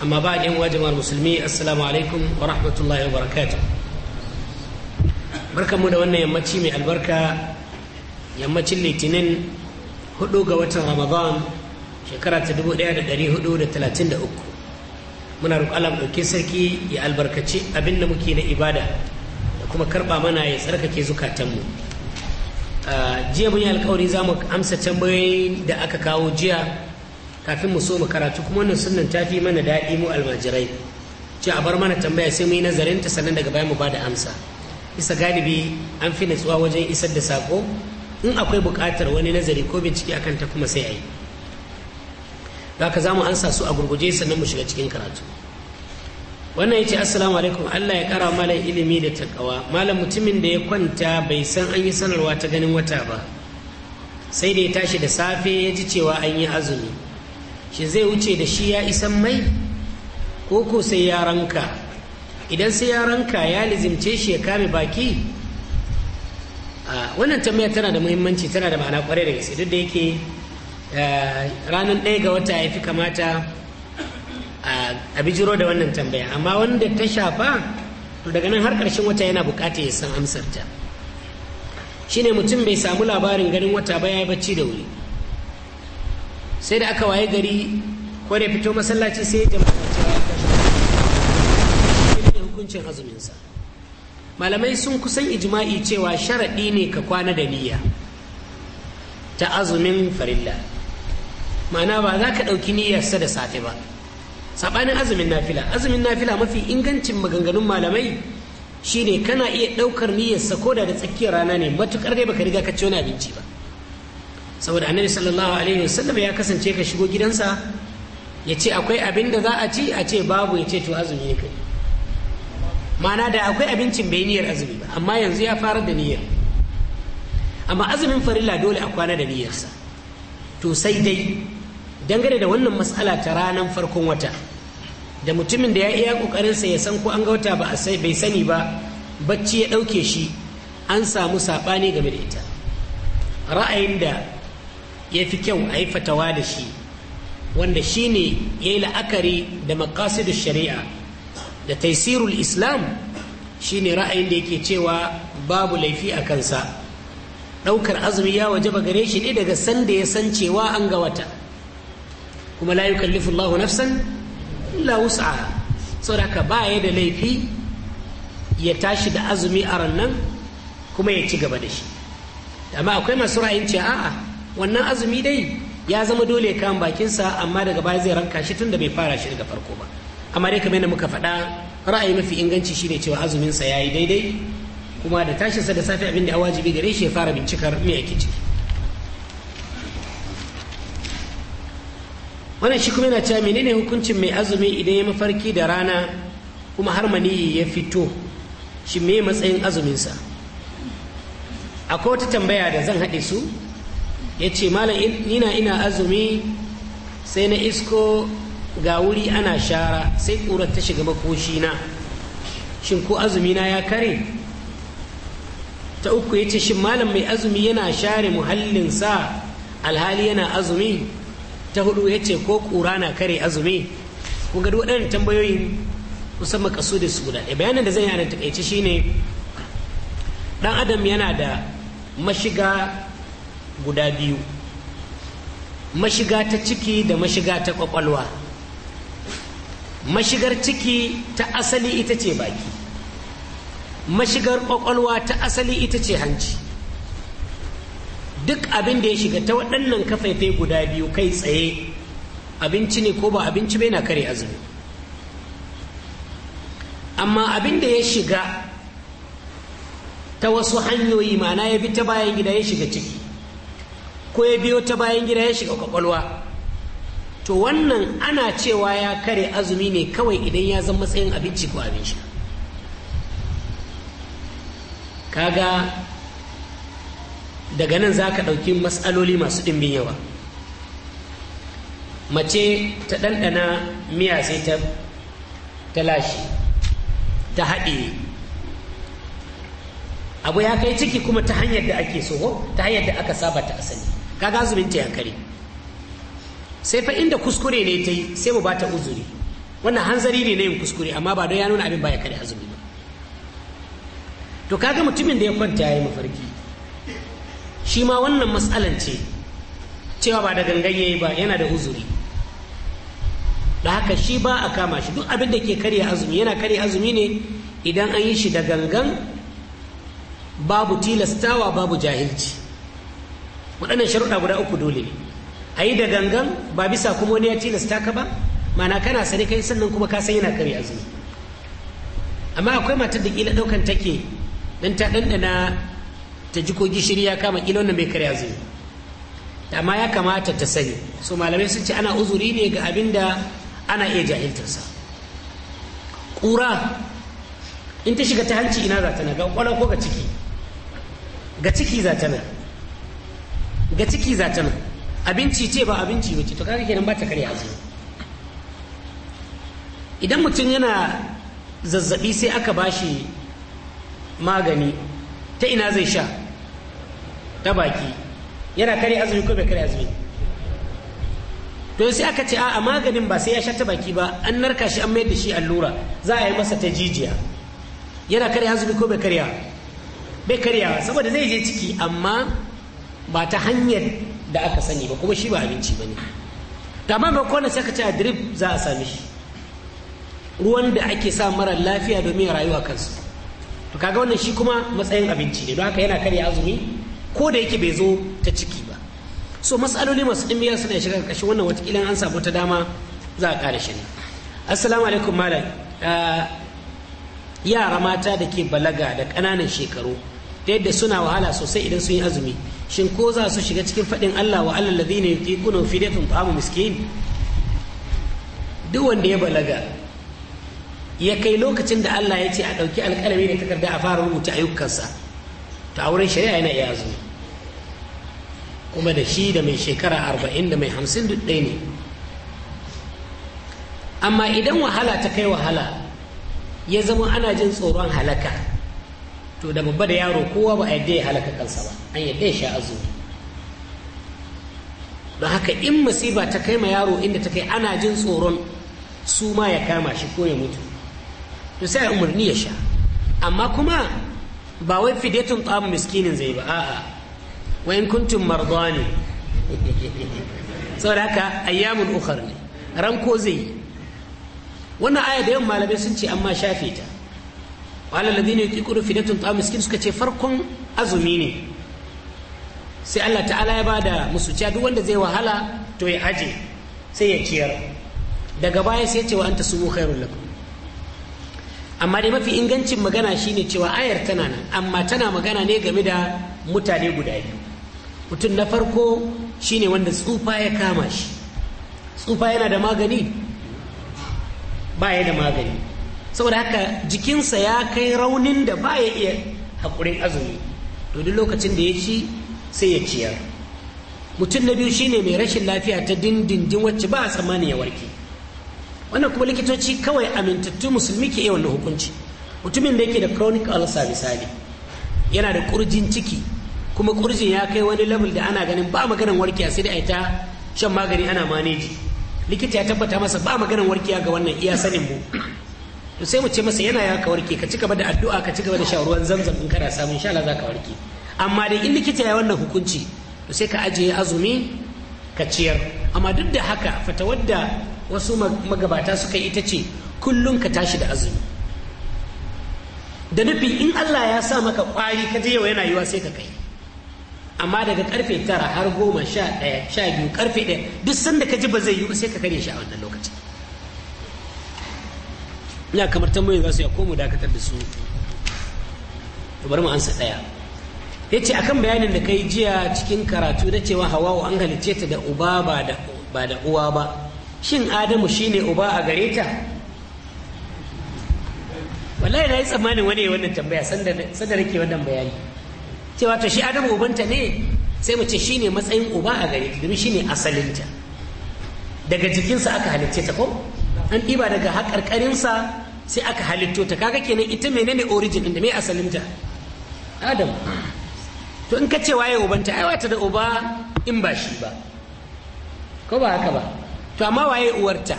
amma ba yan wa jama'ar musulmi assalamu alaikum wa rahmatullahi wa barkan barkanmu da wannan yammaci mai albarka yammacin litinin 4 ga watan ramadan shekara ta 1433 muna roƙon Allah ɗauke sarki ya albarkaci abin da muke na ibada da kuma karɓa mana ya tsarkake zukatanmu jiya mun yi alkawari za mu amsa tambayoyin da aka kawo jiya kafin mu so mu karatu kuma wannan sunnan ta fi mana daɗi mu almajirai ce a bar mana tambaya sai mu yi nazarin ta sannan daga baya mu ba da amsa isa galibi an fi natsuwa wajen isar da sako in akwai buƙatar wani nazari ko bincike akan ta kuma sai a yi da haka za mu ansa su a gurguje sannan mu shiga cikin karatu wannan ya ce assalamu alaikum allah ya kara malam ilimi da takawa malam mutumin da ya kwanta bai san an yi sanarwa ta ganin wata ba sai da ya tashi da safe ya ji cewa an yi azumi shi zai wuce da shi ya isan mai ko ko sai ya ranka idan sai ya ranka ya lizimce shi ya kame baki wannan tambaya tana da muhimmanci tana da ma'ana kwarai da gaske duk da yake ranar ɗaya ga wata ya fi kamata a bijiro da wannan tambaya amma wanda ta shafa to daga nan har ƙarshen wata yana bukata ya san amsarta ne mutum bai samu labarin ganin wata ba ya yi bacci da wuri sai da aka waye gari ko da fito masallaci sai jama'a ce ya ne hukuncin azuminsa malamai sun kusan ijma'i cewa sharaɗi ne ka kwana da niyya ta azumin farilla mana ba za ka ɗauki niyyarsa da safe ba saɓanin azumin nafila azumin nafila mafi ingancin maganganun malamai shine kana iya ɗaukar niyyarsa ko da da tsakiyar rana ne matuƙar dai baka riga ka ci wani abinci ba saboda annabi sallallahu alaihi wasallam ya kasance ka shigo gidansa ya ce akwai abin da za a ci a ce babu ya ce to azumi ne kai ma'ana da akwai abincin bai niyyar azumi ba amma yanzu ya fara da niyyar amma azumin farilla dole a kwana da niyyarsa to sai dai dangane da wannan matsala ta ranar farkon wata da mutumin da ya iya kokarinsa ya san ko an ga wata ba bai sani ba bacci ya ɗauke shi an samu saɓani game da ita ra'ayin da ya fi kyau a yi fatawa da shi wanda shi ne ya yi la'akari da makasidu shari'a da taisirul islam shi ne ra'ayin da yake cewa babu laifi a kansa ɗaukar azumi ya waje ba gare shi ne daga sanda ya san cewa an ga wata kuma la yukallifu lahu nafsan lausa wus'aha ba ya da laifi ya tashi da azumi a nan kuma ya ci gaba da shi amma akwai masu ra'ayin ce a'a wannan azumi dai ya zama dole ya kama bakinsa amma daga baya zai ranka shi tun da bai fara shi daga farko ba amma dai kamar yadda muka faɗa ra'ayi mafi inganci shi ne cewa azuminsa ya yi daidai kuma da tashinsa da safe abin da ya wajibi gare shi ya fara bincikar me yake ciki wannan shi kuma yana cewa menene hukuncin mai azumi idan ya mafarki da rana kuma har maniyi ya fito shi me matsayin azuminsa akwai wata tambaya da zan haɗe su ya ce malam ina ina azumi sai na isko ga wuri ana shara sai ƙurar ta shiga makoshina shin ko azumina ya kare ta uku ya ce shin malam mai azumi yana share muhallin sa alhali yana azumi ta hudu ya ce ko ƙura na kare azumi ku ga waɗannan tambayoyin musamman kaso da su guda bayanin da zan yi a shine ɗan adam yana da mashiga guda biyu mashiga ta ciki da mashiga ta kwakwalwa mashigar ciki ta asali ita ce baki mashigar kwakwalwa ta asali ita ce hanci duk abin da ya shiga ta waɗannan kafaifai guda biyu kai tsaye abinci ne ko ba abinci bai na kare azumi amma abin da ya shiga ta wasu hanyoyi ma'ana ya bi ta bayan gida ya shiga ciki ko ya biyo ta bayan gida ya shiga kwakwalwa to wannan ana cewa ya kare azumi ne kawai idan ya zama matsayin abinci ko abin sha kaga daga nan za ka ɗauki matsaloli masu ɗimbin yawa mace ta ɗanɗana miya sai ta lashe ta haɗe abu ya kai ciki kuma ta hanyar da ake soho ta hanyar da aka saba ta asali kaga azumin ta ya kare sai fa inda kuskure ne ta yi sai mu bata uzuri wannan hanzari ne na yin kuskure amma ba don ya nuna abin baya kare azumi ba to kaga mutumin da ya kwanta ya yi mafarki shi ma wannan matsalan ce cewa ba da gangan ya yi ba yana da uzuri da haka shi ba a kama shi duk abin da ke karya azumi yana karya azumi ne idan an yi shi da gangan babu tilastawa babu jahilci waɗannan sharuɗa guda uku dole ne a yi da gangan ba bisa kuma wani ya tilasta ka ba mana kana sani kai sannan kuma ka san yana karya azumi amma akwai matar da kila ɗaukan take dan ta ɗanɗana ta ji ko gishiri ya kama kila wannan bai karya azumi amma ya kamata ta sani so malamai sun ce ana uzuri ne ga abin da ana iya jahiltarsa ƙura in ta shiga ta hanci ina za ta na ga ƙwala ko ga ciki ga ciki za ta na ga ciki za ta nan abinci ce ba abinci ba ce to kaga kenan ba ta karya azumi idan mutum yana zazzabi sai aka bashi magani ta ina zai sha ta baki yana kare azumi ko bai kare azumi to sai aka ce a maganin ba sai ya sha ta baki ba an narka shi an mayar da shi allura za a yi masa ta jijiya yana kare azumi ko bai karya bai karyawa saboda zai je ciki amma ba ta hanyar da aka sani ba kuma shi ba abinci ba ne tamam ba kwanan sai ka ce a drip za a sami shi ruwan da ake sa mara lafiya domin rayuwa kansu to kaga wannan shi kuma matsayin abinci ne don haka yana karya azumi ko da yake bai zo ta ciki ba so matsaloli masu ɗimbiya suna shiga ƙarshe wannan watakila an samu ta dama za a ƙara shi assalamu alaikum malam ah, yara mata da ke balaga da ƙananan shekaru ta yadda suna wahala sosai idan sun yi azumi shin ko za su shiga cikin faɗin Allah wa Allah ladina yuqiquna fidyatun ta'amu miskin duk wanda ya balaga ya kai lokacin da Allah ya ce a ɗauki alƙalami da takarda a fara rubuta ayyukansa ta wurin shari'a yana iya azumi kuma da shi da mai shekara arba'in da mai hamsin duk ɗaya ne amma idan wahala ta kai wahala ya zama ana jin tsoron halaka to da babba da yaro kowa ba a yadda ya halaka kansa ba an yadda ya sha azumi don haka in masiba ta kai ma yaro inda ta kai ana jin tsoron su ma ya kama shi ko ya mutu to sai umarni ya sha amma kuma ba wai fidetun tsamin miskinin zai ba a'a wa in kuntum marda ne saboda haka ayyamun ukhar ne ranko zai yi wannan aya da yawan malamai sun ce amma shafe ta qala alladhina yuqiquna fidatun ta'am miskin suka ce farkon azumi ne sai Allah ta'ala ya bada musu cewa duk wanda zai wahala to ya aje sai ya ciyar daga baya sai ya ce wa anta sumu khairul lakum amma dai mafi ingancin magana shine cewa ayar tana nan amma tana magana ne game da mutane guda biyu mutum na farko shine wanda tsufa ya kama shi tsufa yana da magani ba ya da magani saboda haka jikinsa ya kai raunin da ba ya iya haƙurin azumi to duk lokacin da ya ci sai ya ciyar mutum na biyu shine mai rashin lafiya ta dindindin wacce ba a tsammani ya warke wannan kuma likitoci kawai amintattu musulmi ke yawan hukunci mutumin da yake da chronic ulcer misali yana da kurjin ciki kuma kurjin ya kai wani level da ana ganin ba maganan warkiya sai da aita shan magani ana maneji likita ya tabbata masa ba maganin warkiya ga wannan iya sanin mu to sai mu ce masa yana ya ka warke ka ci da addu'a ka ci da shan ruwan zamzam in kana samu insha Allah za ka warke amma dai in likita ya wannan hukunci to sai ka ajiye azumi ka ciyar amma duk da haka fatawar da wasu magabata suka ita ce kullum ka tashi da azumi da nufi in Allah ya sa maka kwari ka je yau yana yiwa sai ka kai amma daga karfe tara har goma sha ɗaya sha biyu karfe ɗaya duk sanda ka ji ba zai yi ba sai ka kare shi a wannan ina kamar tambayoyin za su ya komo dakatar da su to bari mu ansa ɗaya ya ce akan bayanin da kai jiya cikin karatu na cewa hawawu an halicce ta da uba ba da uwa ba shin adamu shine uba a gare ta wallahi na yi tsammanin wani ya wannan tambaya sanda nake wannan bayani cewa to shi adamu ubanta ne sai mu ce shine matsayin uba a gare ta domin shine asalinta daga jikinsa aka halicce ta ko an ɗiba daga haƙarƙarinsa sai aka halitto ta kaga kenan ita menene origin ɗin da me asalinta adam to in ka ce waye ubanta ai wata da uba in ba shi ba ko ba haka ba to amma waye uwarta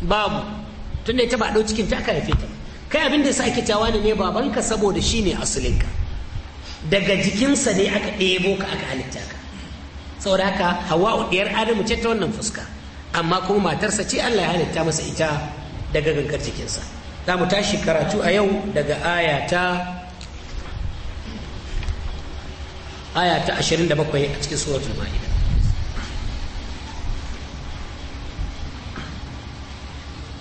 babu da ita ba ɗau cikin ta aka haife ta kai abin da sa ake cewa ne babanka saboda shi ne asalinka daga jikinsa ne aka ɗebo ka aka halitta ka saboda haka hawa'u ɗiyar adamu ce ta wannan fuska amma kuma matarsa ce Allah ya halitta masa ita daga gangar jikinsa za mu tashi karatu a yau daga aya ta aya ta 27 a cikin suratul ma'ida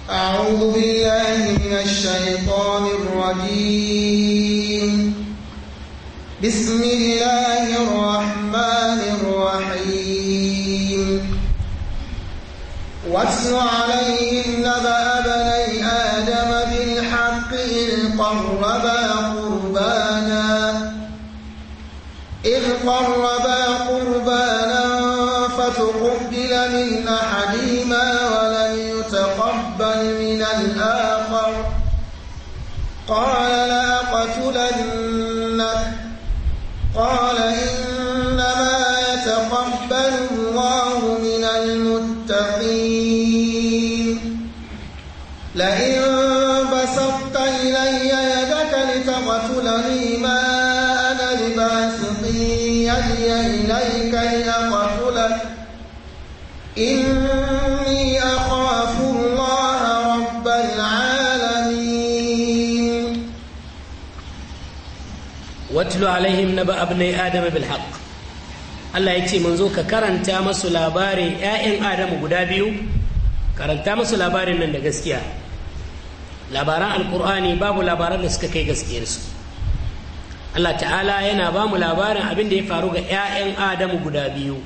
أعوذ بالله من الشيطان الرجيم بسم الله الرحمن الرحيم واتل عليهم watlu alaihim naba abnai adama bil Allah ya ce zo ka karanta masu labarin ‘ya'yan Adamu guda biyu, karanta masu labarin nan da gaskiya. Labaran Alƙur'ani babu labaran da suka kai gaskiyarsu. Allah ta'ala yana ba mu labarin abin da ya faru ga ‘ya'yan Adamu guda biyu.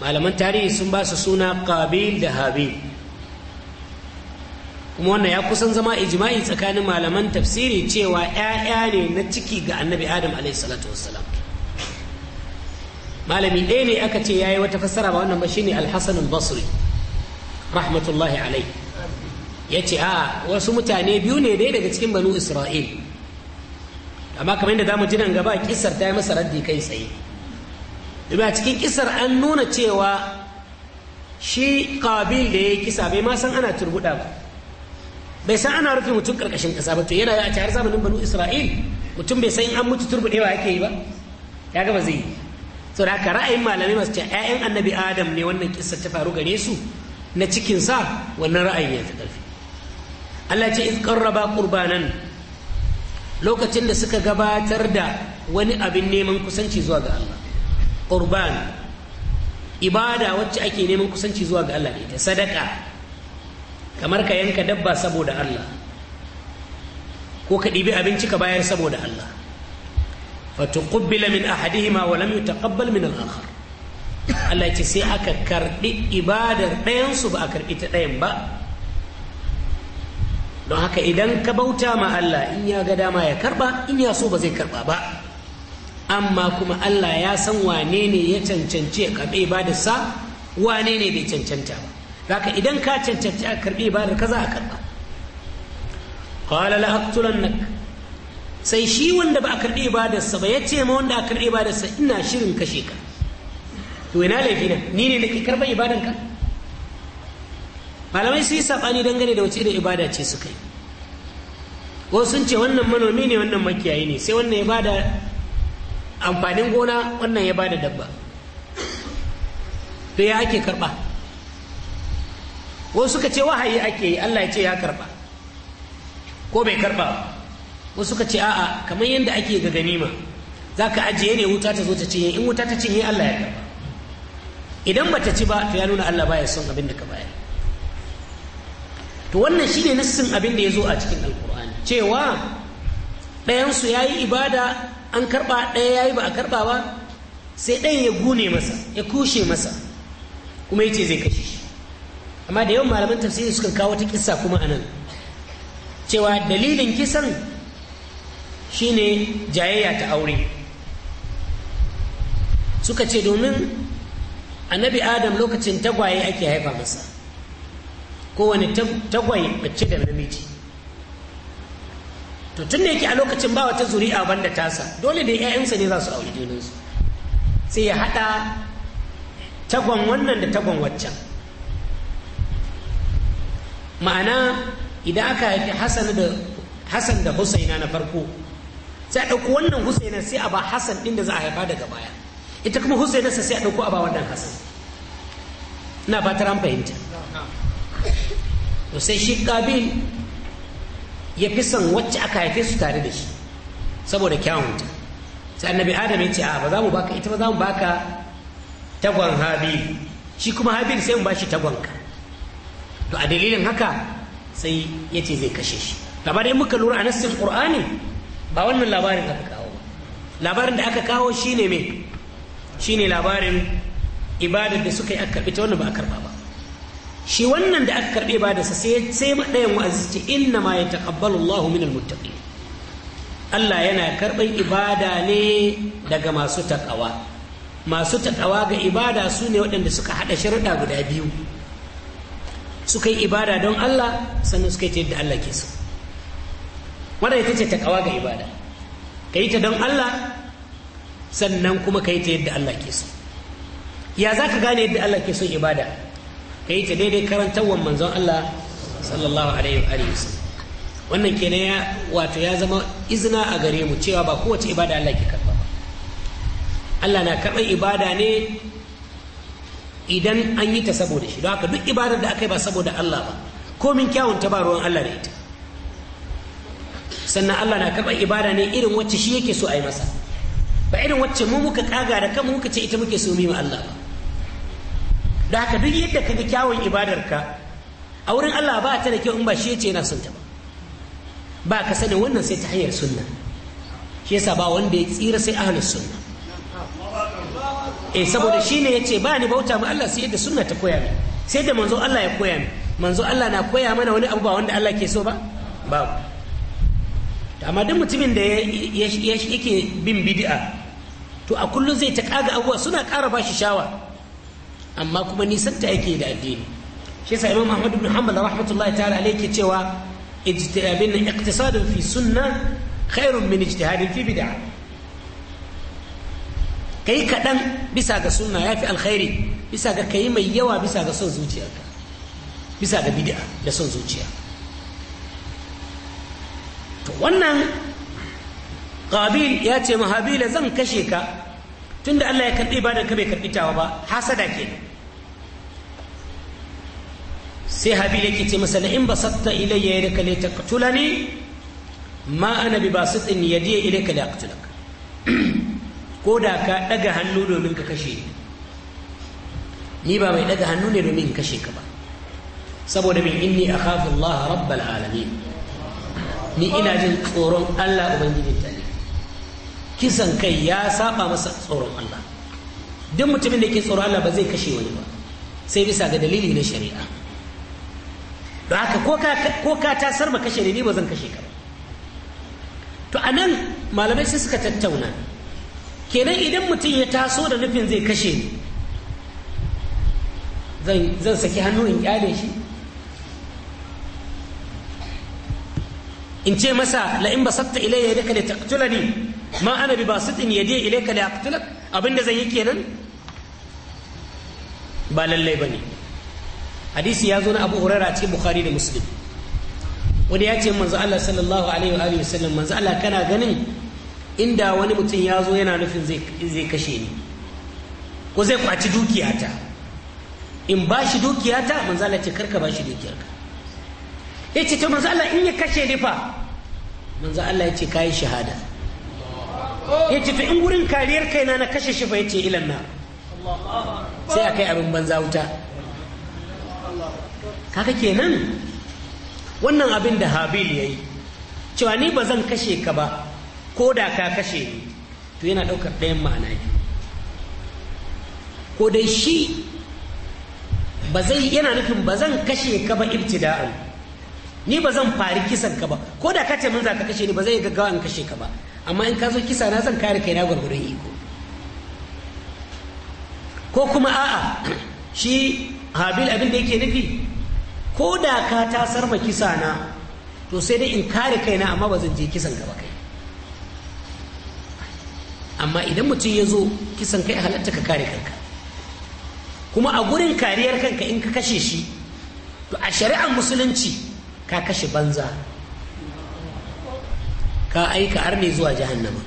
Malaman tarihi sun ba su suna Qabil da Habil. kuma wannan ya kusan zama ijma'i tsakanin malaman tafsiri cewa ‘ya'ya ne na ciki ga annabi adam a.s. malami ɗaya ne aka ce ya yi wata fassara ba wannan ba shi ne alhassan basri rahmatullahi alai ya ce a wasu mutane biyu ne dai daga cikin banu isra'il amma kamar yadda zamu ji nan gaba kisar ta yi masa raddi kai tsaye a cikin kisar an nuna cewa shi kabil da ya kisa bai ma san ana turbuda ba bai san ana rufe mutum karkashin kasa ba to yana da a har zamanin banu isra'il mutum bai san an mutu turbuɗewa yake yi ba ya gaba zai yi so da haka ra'ayin malamai masu ce 'ya'yan annabi adam ne wannan kissa ta faru gare su na cikin sa wannan ra'ayin ya fi ƙarfi Allah ce iz qarraba qurbanan lokacin da suka gabatar da wani abin neman kusanci zuwa ga Allah qurban ibada wacce ake neman kusanci zuwa ga Allah ita sadaka kamar ka yanka dabba saboda Allah ko ka ɗibi abinci ka bayar saboda Allah ƙubbila min ahadihima wa lam yutaqabbal min al-akhar Allah ce sai aka karɓi ibadar ɗayansu ba a karɓi ta ɗayan ba don haka idan ka bauta ma Allah in ya ga dama ya karɓa in ya so ba zai karɓa ba amma kuma Allah ya san wane ne ya cancanci ya karɓi ibadarsa wane ne bai cancanta ba haka idan ka cancanci a karbi ba ka za a karba qala la aqtulannak sai shi wanda ba a karbi sa ba yace ma wanda a karbi sa ina shirin kashe ka to ina laifi na ni ne nake karban ibadan ka malamai su yi saɓani dangane da wace da ibada ce suka yi wasu sun ce wannan manomi ne wannan makiyayi ne sai wannan ya bada amfanin gona wannan ya bada dabba to ya ake karba wasu suka ce wahayi ake yi Allah ya ce ya karba ko bai karba wasu suka ce a'a kamar yadda ake ga ganima za ka ajiye ne wuta ta zo ta cinye in wuta ta cinye Allah ya karba idan ba ta ci ba to ya nuna Allah baya son abin da ka bayar to wannan shine nassin abin da ya zo a cikin alkur'ani cewa ɗayansu ya yi ibada an karba ɗaya ya yi ba a karɓa ba sai ɗayan ya gune masa ya kushe masa kuma ya ce zai kashe shi amma da yawan malaman tafsiri sukan kawo ta kisa kuma a nan cewa dalilin kisan shine jayayya ta aure suka ce domin annabi adam lokacin tagwaye ake haifa masa kowane tagwaye mace da namiji to tun yake a lokacin ba wata zuri'a banda tasa dole da 'ya'yansa ne za su aure junansu sai ya haɗa tagon wannan da tagon waccan ma'ana idan aka haifi hasan da husaina na farko sai a ɗauko wannan husaina sai a ba hasan ɗin da za a haifa daga baya ita kuma husaina sa sai a ɗauko a ba wannan hasan ina fatar an fahimta to sai shi kabil ya fi son wacce aka haife su tare da shi saboda kyawunta sai annabi adam ya ce a ba za mu baka ita ba za mu baka tagon habil shi kuma habil sai mu ba shi ka. to a dalilin haka sai ya ce zai kashe shi Labarin muka lura a nassin qur'ani ba wannan labarin aka kawo labarin da aka kawo shine me ne labarin ibadar da suka yi aka karɓi ta wannan ba a karɓa ba shi wannan da aka karɓi ba da sai sai madayan wa'azi ce inna ma yataqabbalu Allahu minal muttaqi Allah yana karɓar ibada ne daga masu taƙawa. masu taƙawa ga ibada su ne waɗanda suka haɗa sharuɗa guda biyu suka yi ibada don Allah sannan suka yi ta yadda Allah ke so wannan ita ce takawa ga ibada ka yi ta don Allah sannan kuma ka yi ta yadda Allah ke so ya za ka gane yadda Allah ke so ibada ka yi ta daidai karantarwar manzon Allah sallallahu alaihi wa sallam wannan kenan ya wato ya zama izina a gare mu cewa ba kowace ibada Allah ke karba ba Allah na karɓar ibada ne idan an yi ta saboda shi don haka duk ibadar da aka yi ba saboda Allah ba komin kyawun ta ba ruwan Allah da ita sannan Allah na karɓar ibada ne irin wacce shi yake so a yi masa ba irin wacce mu muka kaga da kan muka ce ita muke so mu Allah ba da haka duk yadda ka ga kyawun ibadarka a wurin Allah ba ta da kyau in ba shi yace yana son ta ba ba ka sani wannan sai ta hanyar sunna shi yasa ba wanda ya tsira sai ahlus sunna eh saboda shine yace ba ni bauta mu Allah sai yadda sunna ta koya min sai da manzo Allah ya koya min manzo Allah na koya mana wani abu ba wanda Allah ke so ba ba amma duk mutumin da yake bin bid'a to a kullum zai ta kaga abuwa suna ƙara ba shi shawa amma kuma nisan ta yake da addini shi yasa imam ahmad ibn hanbal rahmatullahi ta'ala alayhi ke cewa ijtihadin iqtisadun fi sunna khairun min ijtihadin fi bid'ah ka yi kaɗan bisa ga sunna ya fi alkhairi bisa ga ka yi mai yawa bisa ga son zuciya bisa ga bid'a da son zuciya to wannan qabil ya ce ma habila zan kashe ka tunda Allah ya karbi ibadan ka bai karɓi tawa ba hasada kenan sai habil yake ce masa in basatta ilayya yadaka li taqtulani ma ana bi basitin yadi ilayka li aqtulaka ko da ka ɗaga hannu domin ka kashe ni ni ba mai ɗaga hannu ne domin kashe ka ba saboda min inni akhafu Allah rabbal alamin ni ina jin tsoron Allah ubangijin tare kisan kai ya saba masa tsoron Allah duk mutumin da ke tsoron Allah ba zai kashe wani ba sai bisa ga dalili na shari'a Ba haka ko ka tasar ma kashe ne ni ba zan kashe ka ba to anan malamai sai suka tattauna kenan idan mutum ya taso da nufin zai kashe ni zan saki hannu in kyale shi in ce masa la'in basatta ilayya yadaka li taqtulani ma ana bi ya je ilayka li aqtulak abinda zan yi kenan ba lallai ba ne. hadisi ya zo na Abu Hurairah cikin Bukhari da Muslim wani ya ce manzo Allah sallallahu alaihi wa alihi manzo Allah kana ganin inda wani mutum ya zo yana nufin zai kashe ni ko zai kwaci dukiyata in ba shi dukiyata manzala ce karka ba shi dukiyarka ya ce to manzala in ya kashe ni fa manzo Allah ya ce kayi shahada ya ce to in gurin kariyar kaina na kashe shi fa ya ce ilan na sai a kai abin banza wuta kaka kenan wannan abin da habil ya yi cewa ni ba zan kashe ka ba ko da ka kashe ni to yana ɗaukar ɗayan ma'ana biyu ko dai shi ba zai yana nufin ba zan kashe ka ba ibtida'an ni ba zan fari kisan ka ba ko da ka ce mun za ka kashe ni ba zai gaggawa in kashe ka ba amma in ka zo kisa na zan kare kaina gwargwadon iko ko kuma a'a shi habil abin da yake nufi ko da ka tasar ma kisa na to sai dai in kare kaina amma ba zan je kisan ka ba kai amma idan mutum ya zo kisan kai halatta ka kare kanka kuma a gurin kariyar kanka in ka kashe shi to a shari'ar musulunci ka kashe banza ka aika ne zuwa jahannama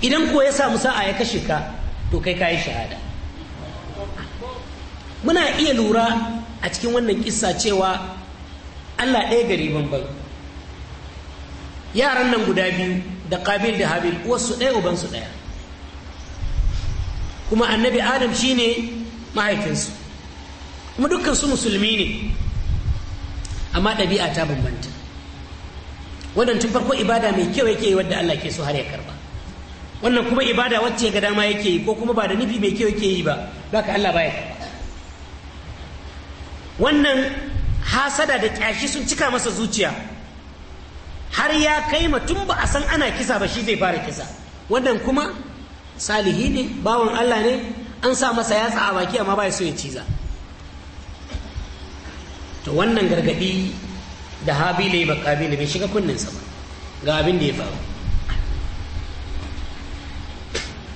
idan ko ya samu sa'a ya kashe ka to kai kayi shahada muna iya lura a cikin wannan kisa cewa allah ɗaya gari banban yaran nan guda biyu da kabil da habil uwarsu ɗaya ubansu ɗaya kuma annabi adam shine mahaifinsu kuma dukkan musulmi ne amma ɗabi'a ta bambanta wannan tun farko ibada mai kyau yake yi wadda Allah ke so har ya karba wannan kuma ibada wacce ga dama yake yi ko kuma ba da nufi mai kyau yake yi ba za ka Allah baya wannan hasada da kyashi sun cika masa zuciya har ya kai tun ba a san ana kisa ba shi zai fara kisa wannan kuma salihi ne bawan Allah ne an sa masa yatsa a baki amma ba ya so ya ciza to wannan gargadi da habila ba kabila bai shiga kunninsa ba ga abin da ya faru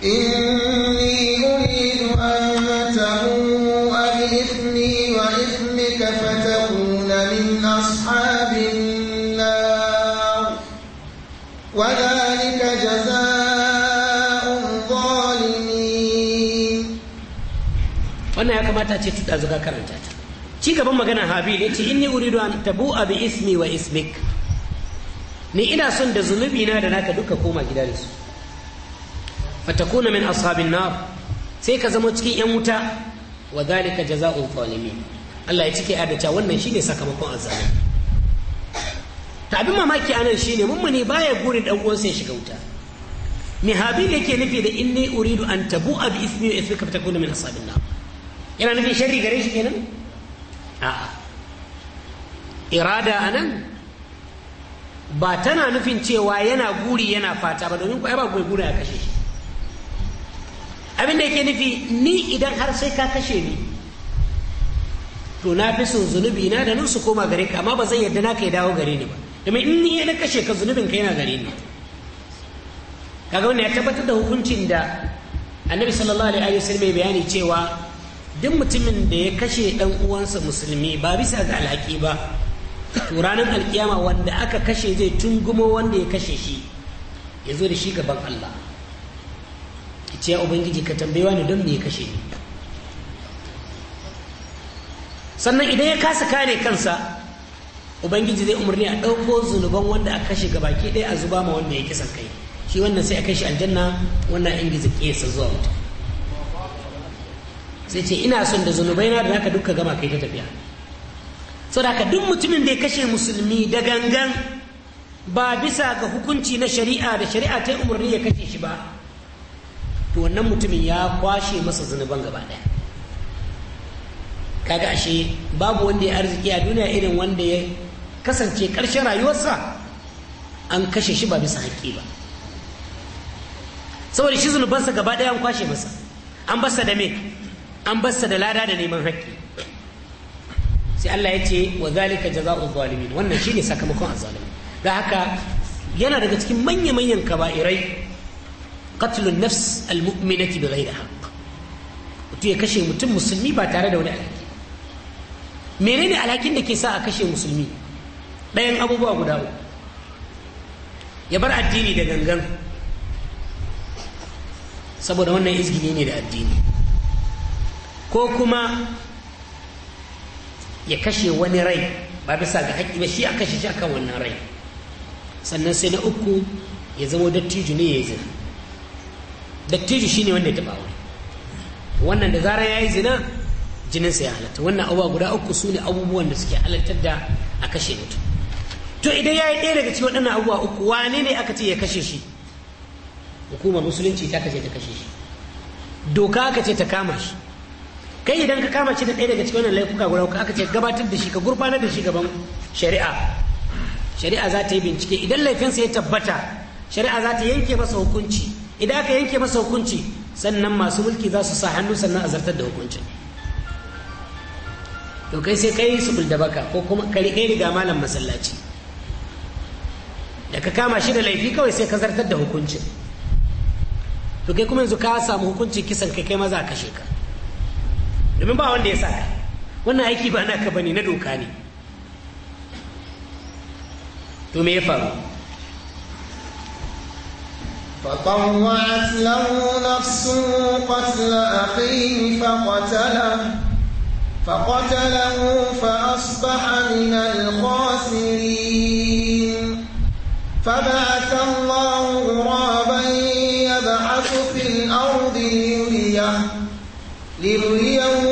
إني أريد أن تموت mata ce tuɗa zuka karanta ta ci gaban magana habil ya ce inni uridu an tabu bi ismi wa ismik ni ina son da zunubi na da naka duka koma gida da su fatakuna min ashabin nar sai ka zama cikin yan wuta wa zalika jazaa'ul zalimin Allah ya cike adacha wannan shine sakamakon azzalimi ta abin mamaki anan shine mummuni baya gurin dan uwansa ya shiga wuta me habil yake nufi da inni uridu an tabu bi ismi wa ismik fatakuna min ashabin nar yana nufin sharri gare shi kenan a'a irada anan ba tana nufin cewa yana guri yana fata ba domin ba kuma guri a kashe shi abin da yake nufi ni idan har sai ka kashe ni to na fi sun zunubi na da nan su koma gare ka amma ba zan yarda na kai dawo gare ni ba domin in ni na kashe ka zunubin ka yana gare ni kaga wannan ya tabbatar da hukuncin da annabi sallallahu alaihi wasallam ya bayani cewa duk mutumin da ya kashe ɗan uwansa musulmi ba bisa ga alhaki ba to ranar alkiyama wanda aka kashe zai tungumo wanda ya kashe shi ya zo da shi gaban Allah ki ce ubangiji ka tambayewa ne don me ya kashe ni sannan idan ya kasa kare kansa ubangiji zai umarni a ɗauko zunuban wanda a kashe ga baki ɗaya a zuba ma wanda ya kisan kai shi wannan sai a kai aljanna wannan ingiza ƙesa zuwa wuta sai ce ina son da zunubai na da naka duka gama kai ta tafiya sau haka duk mutumin da ya kashe musulmi da gangan ba bisa ga hukunci na shari'a da shari'a ta umarni ya kashe shi ba to wannan mutumin ya kwashe masa zunuban gaba daya kaga ashe babu wanda ya arziki a duniya irin wanda ya kasance ƙarshen rayuwarsa an kashe shi ba bisa haƙƙi ba saboda shi zunubansa gaba ɗaya an kwashe masa an basa da me an barsa da lada da neman haƙƙi sai Allah ya ce wa zalika jaza'u zalimin wannan shine sakamakon azzalimi da haka yana daga cikin manya-manyan kaba'irai qatlun nafs almu'minati bighairi haqq mutum ya kashe mutum musulmi ba tare da wani alhaki menene alhakin da ke sa a kashe musulmi ɗayan abubuwa guda uku ya bar addini da gangan saboda wannan izgili ne da addini ko kuma ya kashe wani rai ba bisa ga haƙƙi ba shi a kashe shi akan wannan rai sannan sai na uku ya zama dattijo ne ya yi zina dattijo shi ne wanda ya taɓa wani wannan da zarar ya yi zina jininsa ya halatta wannan abubuwa guda uku su ne abubuwan da suke halattar da a kashe mutum to idan ya yi ɗaya daga cikin waɗannan abubuwa uku wane ne aka ce ya kashe shi hukumar musulunci ta kace ta kashe shi doka aka ce ta kama shi kai idan ka kama shi da ɗaya daga cikin wannan laifuka guda uku aka ce gabatar da shi ka gurfanar da shi gaban shari'a shari'a za ta yi bincike idan laifinsa ya tabbata shari'a za ta yanke masa hukunci idan aka yanke masa hukunci sannan masu mulki za su sa hannu sannan a zartar da hukuncin to kai sai kai su bulda baka ko kuma kai riga malam masallaci da ka kama shi da laifi kawai sai ka zartar da hukuncin to kai kuma yanzu ka samu hukuncin kisan kai kai maza a kashe ka domin ba wanda ya sa ka wannan aiki ba naka bane na doka ne to me ya faru فطوعت له نفسه قتل أخيه فقتله فقتله فأصبح من الخاسرين فبعث الله غرابا يبحث في الأرض ليريه ليريه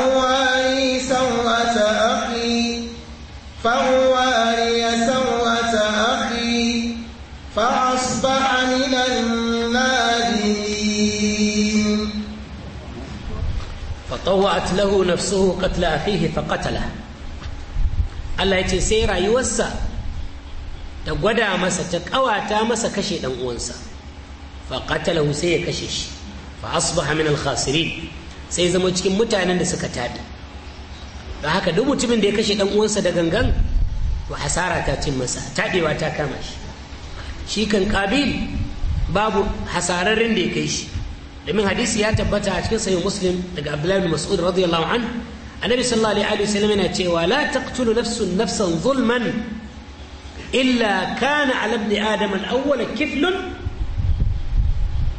طوعت a نفسه قتل أخيه katala Allah ya ce sai rayuwarsa ta gwada masa ta kawata masa kashe dan uwansa fa qatalahu sai ya kashe shi fa asbaha min al-khasirin sai zama cikin mutanen da suka tada don haka duk mutumin da ya kashe dan uwansa da gangan to hasara ta cin masa tadewa ta kama shi shi kan kabil babu hasararren da ya kai shi domin hadisi ya tabbata a cikin sayi muslim daga abdullahi mas'ud radiyallahu an annabi sallallahu alaihi wa sallam yana cewa la taqtulu nafsun nafsan zulman illa kana ala ibn adam al-awwal kiflun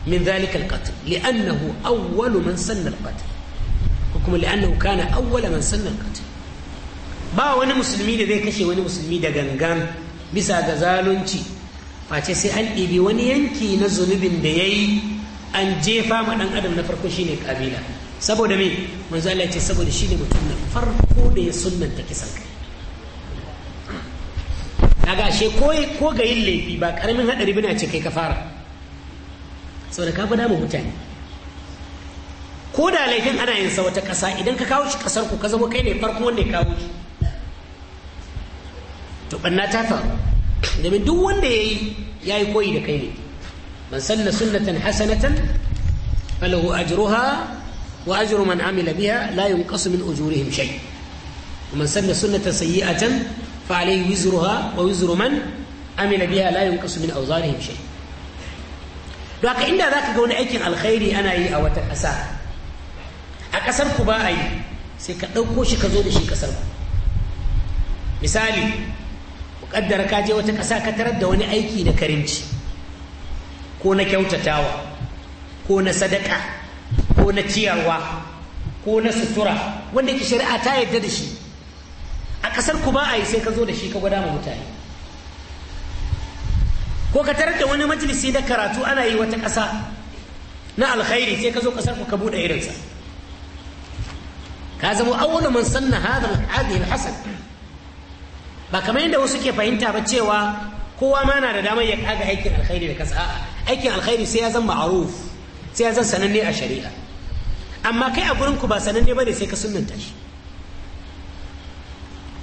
min dhalika al-qatl li'annahu awwal man sanna al-qatl kuma li'annahu kana awwal man sanna al-qatl ba wani musulmi da zai kashe wani musulmi da gangan bisa ga zalunci face sai an ɗibi wani yanki na zunubin da ya yi an jefa ma ɗan adam na farko shine kabila saboda me manzo Allah ce saboda shine mutum na farko da ya sunnanta kisan kai daga ashe ko ko ga yin laifi ba karamin hadari bane ce kai ka fara saboda ka fada mu mutane ko da laifin ana yin sa wata kasa idan ka kawo shi kasar ku ka zama kai ne farko wanda ya kawo shi to banna ta fa domin duk wanda yayi yayi koyi da kai ne من سن سنة حسنة فله أجرها وأجر من عمل بها لا ينقص من أجورهم شيء ومن سن سنة سيئة فعليه وزرها ووزر من عمل بها لا ينقص من أوزارهم شيء لك إن ذاك قول أيكن الخير أنا أي أو تأسى أكسر كبا أي سيكتوكو شكزون شكسر مثالي وقدر كاجي وتكسا كترد وني أيكي نكرمشي ko na kyautatawa ko na sadaka ko na ciyarwa ko na sutura wanda ke shari'a ta yarda da shi a ƙasar ku ba a yi sai ka zo da shi ka gwada ma mutane ko ka tarar da wani majalisi na karatu ana yi wata ƙasa na alkhairi sai ka zo ƙasar ku ka buɗe irinsa ka zama awwalu man sanna hadha hadhihi alhasan ba kamar yadda wasu ke fahimta ba cewa kowa ma na da damar ya kaga aikin alkhairi da kasa a'a aikin alkhairi sai ya zan ma'aruf sai ya zan sananne a shari'a amma kai a gurinku ba sananne ba ne sai ka sunnanta shi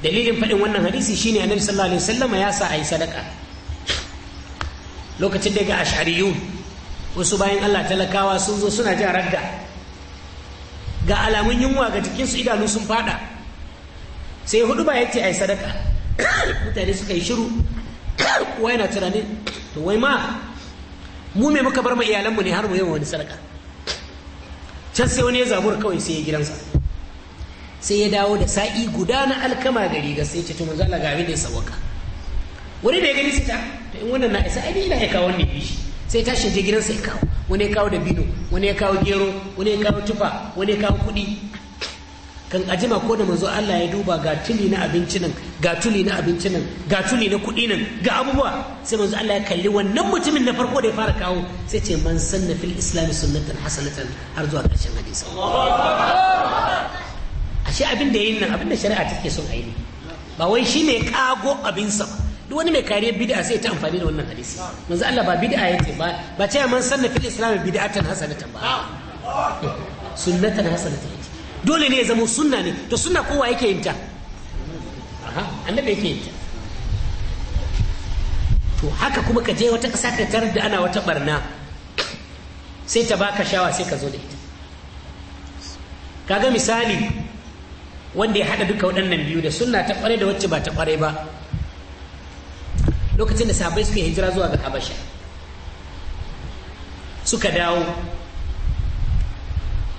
dalilin faɗin wannan hadisi shine annabi sallallahu alaihi wasallam ya sa ayi sadaka lokacin da ga ash'ariyun wasu bayan Allah talakawa sun zo suna jin radda ga alamun yunwa ga jikin su idanu sun fada sai hudu ba yace ayi sadaka mutane suka yi shiru kowa yana tunanin to wai ma mu me muka bar ma mu ne har mu yi wani sarka can sai wani ya zabura kawai sai ya gidansa sai ya dawo da sa'i guda na alkama gari ga sai ce to manzo Allah ga da ya sawaka wani da ya gani sita to in wannan na isa ai ina ya kawo ne bishi sai tashi je gidansa ya kawo wani ya kawo da bino wani ya kawo gero wani ya kawo tufa wani ya kawo kudi. kan ajima ko da manzo Allah ya duba ga tuli na abinci nan ga tuli na abinci nan ga tuli na kuɗi nan ga abubuwa sai manzo Allah ya kalli wannan mutumin na farko da ya fara kawo sai ce man sanna fil islam sunnatan hasanatan har zuwa ƙarshen hadisi ashe abin da yayin nan abin da shari'a take son aini ba wai shine ya kago abin sa duk wani mai kariyar bid'a sai ta amfani da wannan hadisi manzo Allah ba bid'a yake ba ba ce man sanna fil islam bid'atan hasanatan ba sunnatan hasanatan dole ne ya zama sunna ne to sunna kowa yake yin ta annabi yake yin ta to haka kuma ka je wata ƙasa ka tarar da ana wata barna sai ta baka shawa sai ka zo da ita kaga misali wanda ya haɗa duka waɗannan biyu da sunna ta ƙware da wacce ba ta ƙware ba lokacin da sahabbai suka hijira zuwa ga habasha suka dawo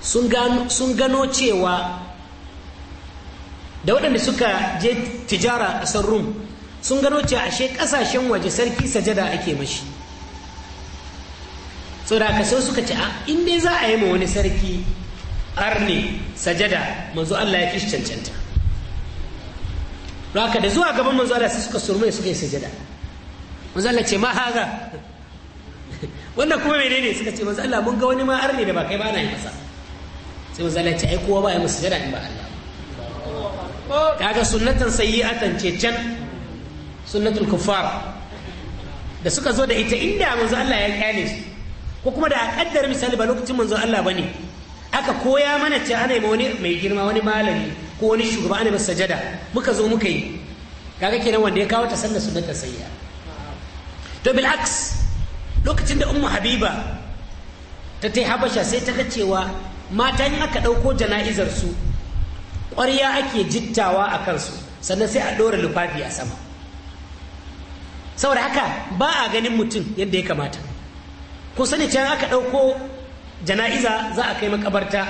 sun gano cewa da waɗanda suka je tijara a san rum sun gano cewa ashe ƙasashen waje sarki sajada ake mashi sau da aka sau suka ce a ah, inda za a yi ma wani sarki arne sajada manzo Allah ya fi cancanta raka da zuwa gaban manzo Allah sai suka surme suka yi sajada manzo Allah ce ma haza wannan kuma menene suka ce manzo Allah mun ga wani ma arne da ba kai ba na yi masa sai manzo Allah ya ce ai kowa ba ya musu sujada in ba Allah kaga sunnatan sayyi'atan ce can sunnatul kuffar da suka zo da ita inda manzo Allah ya kyale su ko kuma da a misali ba lokacin manzo Allah bane aka koya mana ce ana yi wani mai girma wani malami ko wani shugaba ana masa sajada muka zo muka yi kaga kenan wanda ya kawo ta sanna sunnatan sayyi'a to bil aks lokacin da ummu habiba ta tai habasha sai ta ga cewa mata in aka ɗauko jana'izar su ƙwarya ake jittawa a kansu sannan sai a ɗora lufafi a sama saboda haka ba a ganin mutum yadda ya kamata ku sani can aka ɗauko jana'iza za a kai makabarta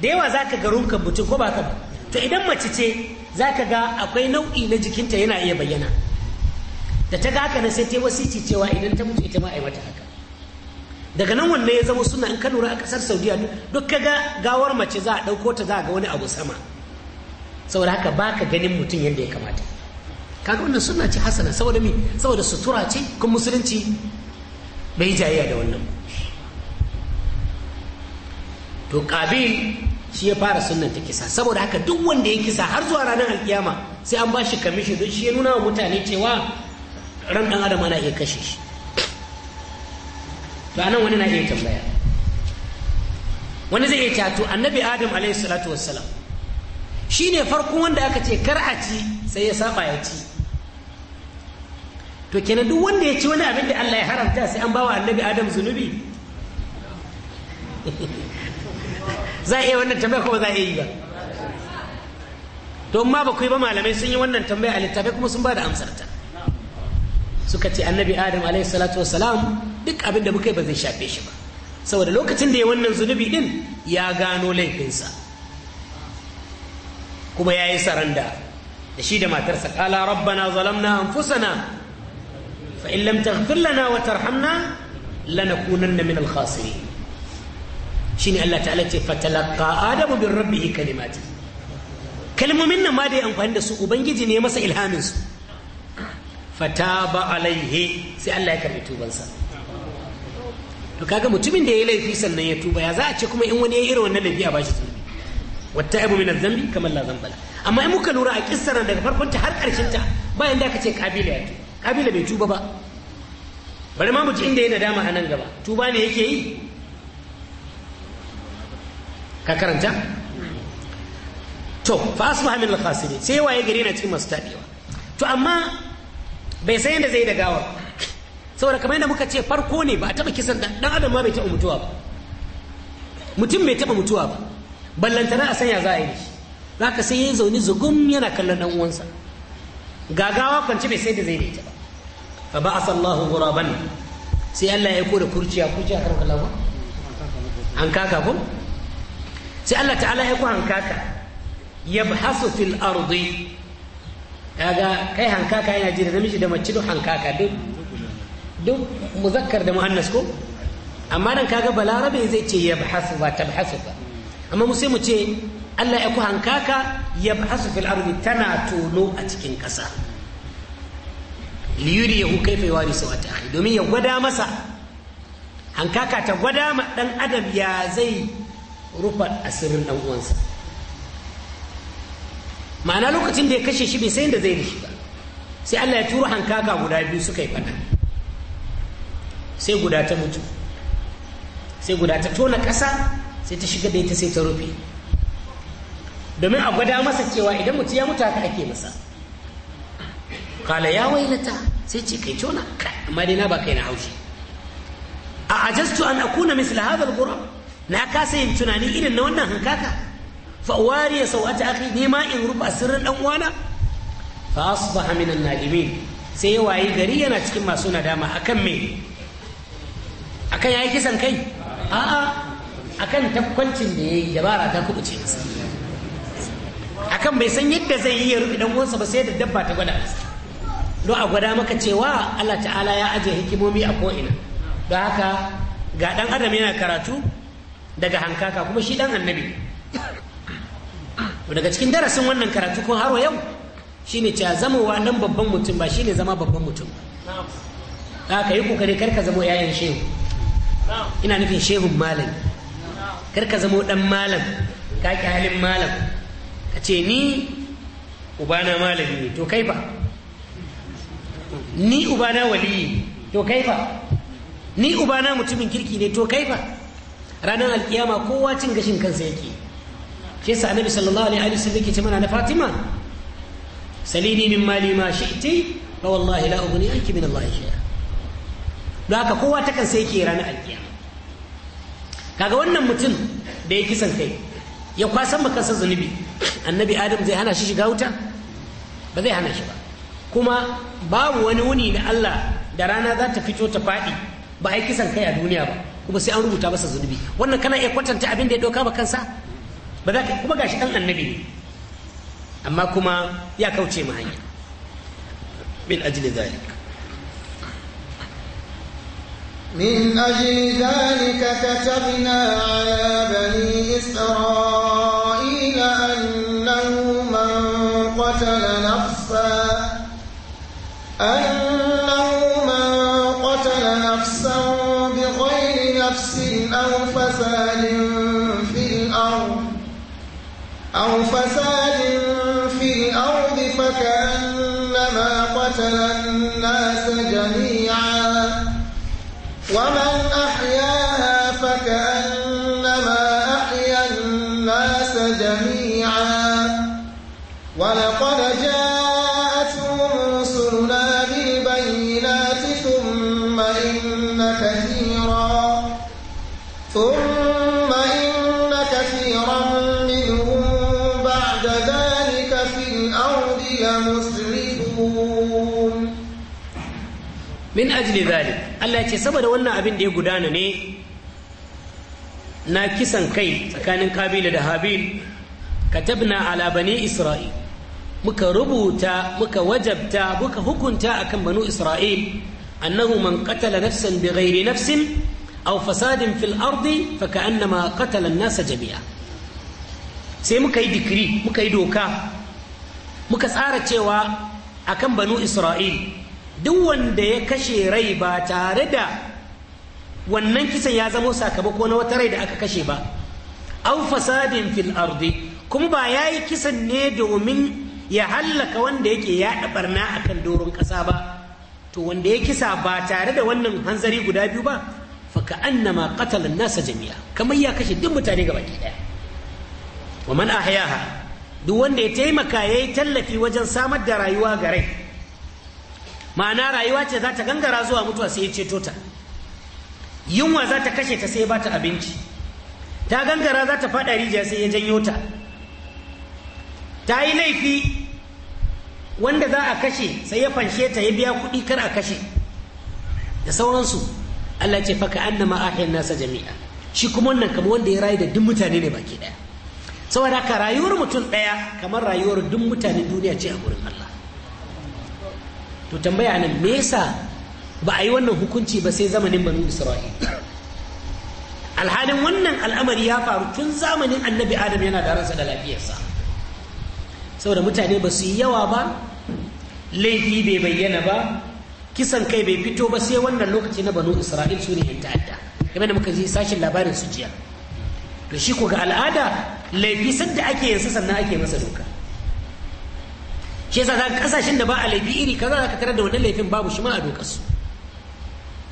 da yawa za ka ga runka mutum ko ba ka ba to idan mace ce za ka ga akwai nau'i na jikinta yana iya bayyana da ta ga haka na sai ta wasiti cewa idan ta mutu ita ma a yi mata haka daga nan wanda ya zama suna in ka lura a kasar saudiya duk ka ga gawar mace za a ɗauko ta za a ga wani abu sama saboda haka ba ka ganin mutum yadda ya kamata kaga wannan suna ce hasana saboda mi saboda sutura ce kun musulunci bai jayayya da wannan to kabil shi ya fara sunnan ta kisa saboda haka duk wanda ya kisa har zuwa ranar alkiyama sai an ba shi kamishi don shi ya nuna wa mutane cewa ran dan adam ana iya kashe shi to anan wani na iya tambaya wani zai iya cato annabi adam alaihi salatu wassalam shi ne farkon wanda aka ce kar a ci sai ya saba ya ci to kenan duk wanda ya ci wani abin da Allah ya haramta sai an bawa annabi adam zunubi za a iya wannan tambaya ba za a iya yi ba to ma ba ku yi ba malamai sun yi wannan tambaya a littafai kuma sun ba da amsarta suka ce annabi adam alaihi salatu wassalam duk abin da muka yi ba zai shafe shi ba saboda lokacin da ya wannan zunubi din ya gano laifinsa kuma ya yi saranda da shi da matarsa kala rabbana zalamna anfusana fa in lam taghfir lana wa tarhamna lanakunanna min al-khasirin shine Allah ta'ala ce fatalaqa adamu bin rabbih kalimati kalmomin nan ma da ya amfani da su ubangiji ne masa ilhamin su fataba alaihe sai Allah ya karbi tubansa to kaga mutumin da ya laifi sannan ya tuba ya za a ce kuma in wani ya irin wannan laifi a bashi zunubi wata abu min zambi kamar la zambala amma in muka lura a kissar nan daga farkon ta har karshen ta bayan da aka ce kabila ya tuba kabila bai tuba ba bari ma mutum inda ya nadama a nan gaba tuba ne yake yi ka karanta to fa asbaha min al-khasirin sai waye gari na cikin masu tabewa to amma bai san yadda zai da gawar saboda kamar yadda muka ce farko ne ba a taɓa kisan dan adam ma bai taɓa mutuwa ba mutum bai taɓa mutuwa ba ballantana a sanya za a yi za ka sai ya zaune zugum yana kallon dan uwansa gagawa kwance bai sai da zai daita ba fa ba asallahu ghuraban sai Allah ya kore kurciya kurciya har kalawa an kaka ko sai Allah ta'ala ya ku hankaka yabhasu fil ardi kaga kai hankaka yana jira namiji da mace duk hankaka duk duk muzakkar da muhannas ko amma dan kaga balarabe zai ce bahasu ba bahasu ba amma mu sai mu ce Allah ya ku hankaka bahasu fil ardi tana tono a cikin ƙasa liyuri ya kai fai wari sau ta domin ya gwada masa hankaka ta gwada ma dan adam ya zai rufa asirin dan uwansa ma'ana lokacin da ya kashe shi bai sai da zai rishi ba sai Allah ya turo hankaka guda biyu suka yi faɗa. sai guda ta mutu sai guda ta tona ƙasa sai ta shiga da ita sai ta rufe domin a gwada masa cewa idan mutu ya mutu haka ake masa kala ya wailata sai ce kai tona amma dai na ba kai na haushi a ajastu an akuna misla hadha al na kasa yin tunani irin na wannan hankaka fa ya sau'ata akhi ne ma in rufa sirrin dan uwana fa asbaha min an-nadimin sai ya wayi gari yana cikin masu nadama akan me akan yi kisan kai a'a kan tafkwancin da ya yi dabara ta ce masa akan bai san yadda zai yi ya rufe dan uwansa ba sai da dabba ta gwada masa don a gwada maka cewa Allah ta'ala ya ajiye hikimomi a ko'ina don haka ga dan adam yana karatu daga hankaka kuma shi dan annabi daga cikin darasin wannan karatu kun haro yau shine cewa zamowa nan babban mutum ba shine zama babban mutum ba ka yi kokari kar ka zamo yayin shehu ina nufin shehun malam kar ka zamo dan malam ka ki halin malam ka ce ni ubana malami ne to kai ba ni ubana waliyi to kai ba ni ubana mutumin kirki ne to kai ba ranar alkiyama kowa cin gashin kansa yake shi yasa annabi sallallahu alaihi wasallam yake ce mana na fatima salini min mali ma shi'ti fa wallahi la ughni anki min allahi shay'a don haka kowa takan sai ke ranar alkiyama kaga wannan mutum da ya kisan kai ya kwasan makasar zunubi annabi adam zai hana shi shiga wuta ba zai hana shi ba kuma babu wani wuni da allah da rana za ta fito ta faɗi ba a yi kisan kai a duniya ba kuma sai an rubuta masa zunubi wannan kana iya kwatanta abin da ya doka ba kansa ba za ka kuma gashi kan annabi ne amma kuma ya kauce ma hanya min ajli zalika من أجل ذلك كتبنا على بني إسرائيل أنه من قتل نفسا أن min ajli zalik Allah ce saboda wannan abin da ya gudana ne na kisan kai tsakanin kabila da habil katabna ala bani isra'il muka rubuta muka wajabta muka hukunta akan banu isra'il annahu man qatala nafsan bighairi nafsin aw fasadin fil ardi fa ka'annama qatala an-nasa jami'a sai muka yi dikiri muka yi doka muka tsara cewa akan banu isra'il duk wanda ya kashe rai ba tare da wannan kisan ya zamo sakamako na wata rai da aka kashe ba au fasadin fil ardi kuma ba ya yi kisan ne domin ya hallaka wanda yake yaɗa barna a kan doron ƙasa ba to wanda ya kisa ba tare da wannan hanzari guda biyu ba faka annama qatala nasa jami'a kamar ya kashe duk mutane gaba ke daya wa man ahyaha duk wanda ya taimaka yayi tallafi wajen samar da rayuwa ga rai ma'ana rayuwa ce za ta gangara zuwa mutuwa sai ya ceto ta yunwa za ta kashe ta sai ba ta abinci ta gangara za ta faɗa rijiya sai ya janyo ta ta yi laifi wanda za a kashe sai ya fanshe ta ya biya kuɗi kar a kashe da sauransu Allah ce faka anna ma'ahiyar nasa jami'a shi kuma wannan kama wanda ya rayu da duk mutane ne baki ɗaya saboda haka rayuwar mutum ɗaya kamar rayuwar duk mutane duniya ce a gurin Allah to tambaya nan me yasa ba a yi wannan hukunci ba sai zamanin banu isra'il alhalin wannan al'amari ya faru tun zamanin annabi adam yana da ransa da lafiyarsa saboda mutane ba su yi yawa ba laifi bai bayyana ba kisan kai bai fito ba sai wannan lokaci na banu isra'il su ne yan ta'adda game da muka ji sashin labarin su jiya to shi ko ga al'ada laifi sanda ake yanzu sannan ake masa doka shi yasa zaka kasashen da ba a laifi iri kaza zaka tarar da wannan laifin babu shi ma a dokar su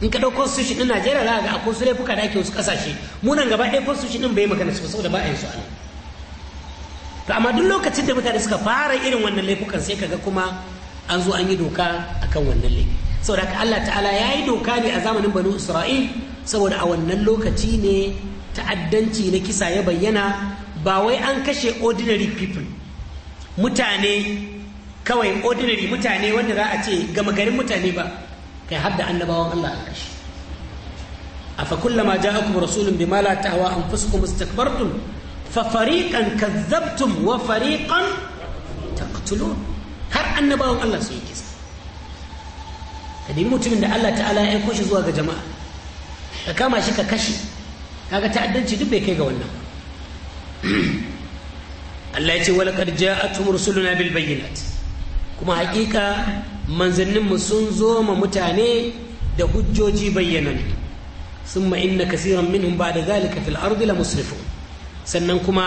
in ka dauko su din Najeriya za ga akwai su laifuka da ake wasu kasashe mu nan gaba ɗaya shi din bai magana su ba saboda ba a yin su a to amma duk lokacin da mutane suka fara irin wannan laifukan sai kaga kuma an zo an yi doka akan wannan laifi saboda haka Allah ta'ala ya yi doka ne a zamanin banu Isra'il saboda a wannan lokaci ne ta'addanci na kisa ya bayyana ba wai an kashe ordinary people mutane kawai ordinary mutane wanda za a ce gama garin mutane ba kai hadda annabawan Allah a kashi afa kullama ja'akum rasulun bima la ta'wa anfusukum istakbartum fa fariqan kadzabtum wa fariqan taqtulun har annabawan Allah su yi kisa ka mutumin da Allah ta'ala ya aiko shi zuwa ga jama'a ka kama shi ka kashe kaga ta'addanci duk bai kai ga wannan Allah ya ce wala qad ja'atum rusuluna bil bayyinati kuma hakika manzanninmu sun zo ma mutane da hujjoji bayyanan summa inna kasiran minhum da zalika fil ardi la musrifun sannan kuma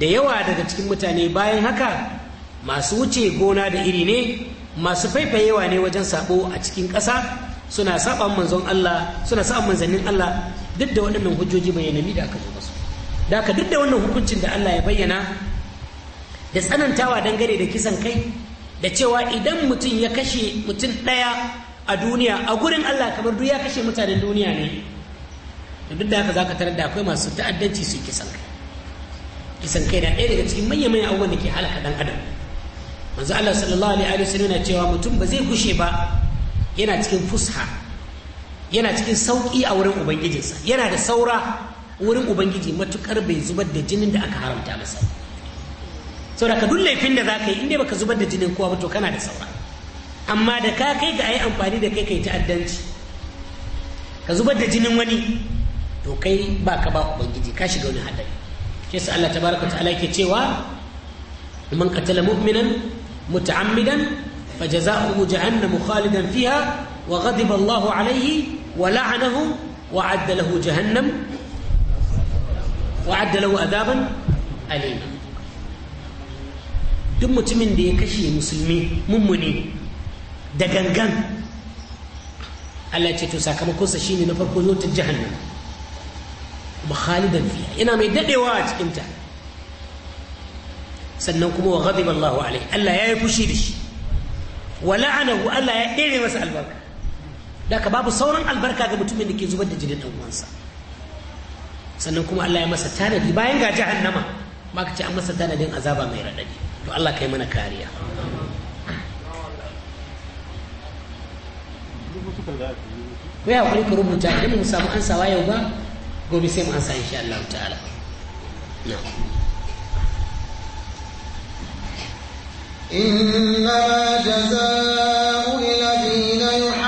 da yawa daga cikin mutane bayan haka masu wuce gona da iri ne masu faifayewa ne wajen sabo a cikin ƙasa suna saban manzon Allah suna saban manzannin Allah duk da waɗannan hujjoji ne da aka zo musu da aka duk da wannan hukuncin da Allah ya bayyana da tsanantawa dangane da kisan kai da cewa idan mutum ya kashe mutum ɗaya a duniya a gurin Allah kamar duk ya kashe mutanen duniya ne duk da haka za ka tarar da akwai masu ta'addanci su kisan kai kisan kai na ɗaya daga cikin manyan manyan abubuwan da ke halaka dan adam manzo Allah sallallahu alaihi sallam yana cewa mutum ba zai gushe ba yana cikin fusha yana cikin sauki a wurin ubangijinsa yana da saura wurin ubangiji matukar bai zubar da jinin da aka haramta masa saboda ka duk laifin da zaka yi inda baka zubar da jinin kowa to kana da saura amma da ka kai ga ayi amfani da kai kai ta'addanci ka zubar da jinin wani to kai ba ka ba ubangiji ka shiga wani hadari shi Allah tabaraka ta'ala yake cewa man qatala mu'minan muta'ammidan fajaza'uhu jahannamu khalidan fiha wa ghadiba Allahu alayhi wa la'anahu wa 'adda lahu jahannam وعد له adaban أليما duk mutumin da ya kashe musulmi mummuni da gangan Allah ce to sakamakonsa shine na farko zo ta jahannam kuma khalidan fiya yana mai dadewa a cikin ta sannan kuma wa ghadiba Allahu alaihi Allah ya yi fushi da shi wa la'anahu Allah ya dare masa albarka da daka babu sauran albarka ga mutumin da ke zubar da jinin dan uwansa sannan kuma Allah ya masa tanadi bayan ga jahannama ma ka ce an masa tanadin azaba mai raɗaɗi. to Allah kai mana kariya ko ya haƙuri ku rubuta idan mu samu sawa yau ba gobe sai mu ansa insha Allah ta'ala إنما جزاء الذين يحبون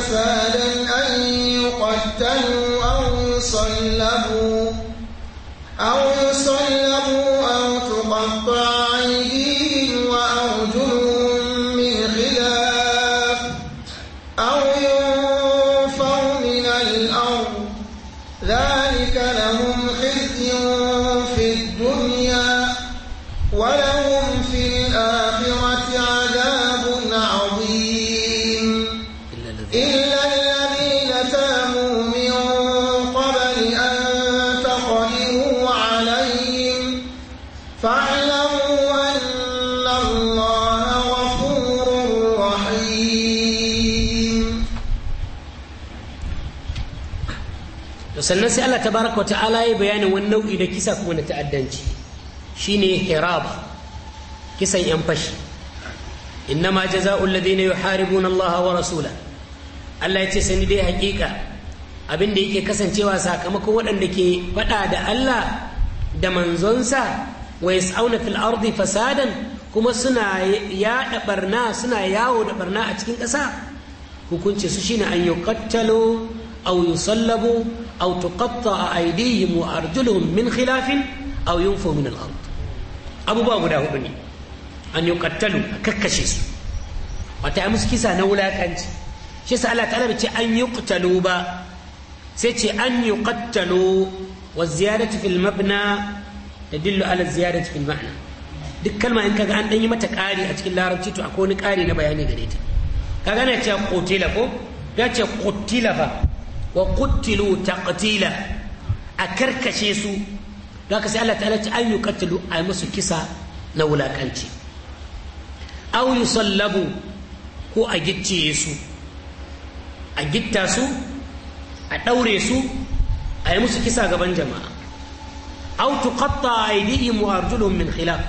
فسادا أن يقتلوا أو يصلبوا أو sannan sai Allah tabaraka wa ta'ala ya bayanin wani nau'i da kisa kuma na ta'addanci shine hirab kisan yan fashi innama jaza'ul ladina yuharibuna Allah wa rasula Allah ya ce sani dai hakika abin da yake kasancewa sakamakon waɗanda ke faɗa da Allah da manzonsa wa yas'auna fil ardi fasadan kuma suna yaɗa barna suna yawo da barna a cikin ƙasa hukunci su shine an yuqattalu aw yusallabu أو تقطع أيديهم وأرجلهم من خلاف أو ينفوا من الأرض أبو باب داو بني أن يقتلوا ككشيس وتأمس كيسا نولا كانت شيسا الله تعالى بتي أن يقتلوا با سيتي أن يقتلوا والزيادة في المبنى تدل على الزيادة في المعنى duk kalma in kaga an ɗanyi mata ƙari a cikin larabci to akwai wani ƙari na bayani gare ta kaga na ce kotila ko ya ce kotila fa wa ta taqtila a karkashe su da ka sai Allah ta'ala ta an yuqatilu a musu kisa na wulakanci aw yusallabu ko a gicciye su a gitta su a ɗaure su a yi musu kisa gaban jama'a aw tuqatta aydihim wa arjuluhum min khilaf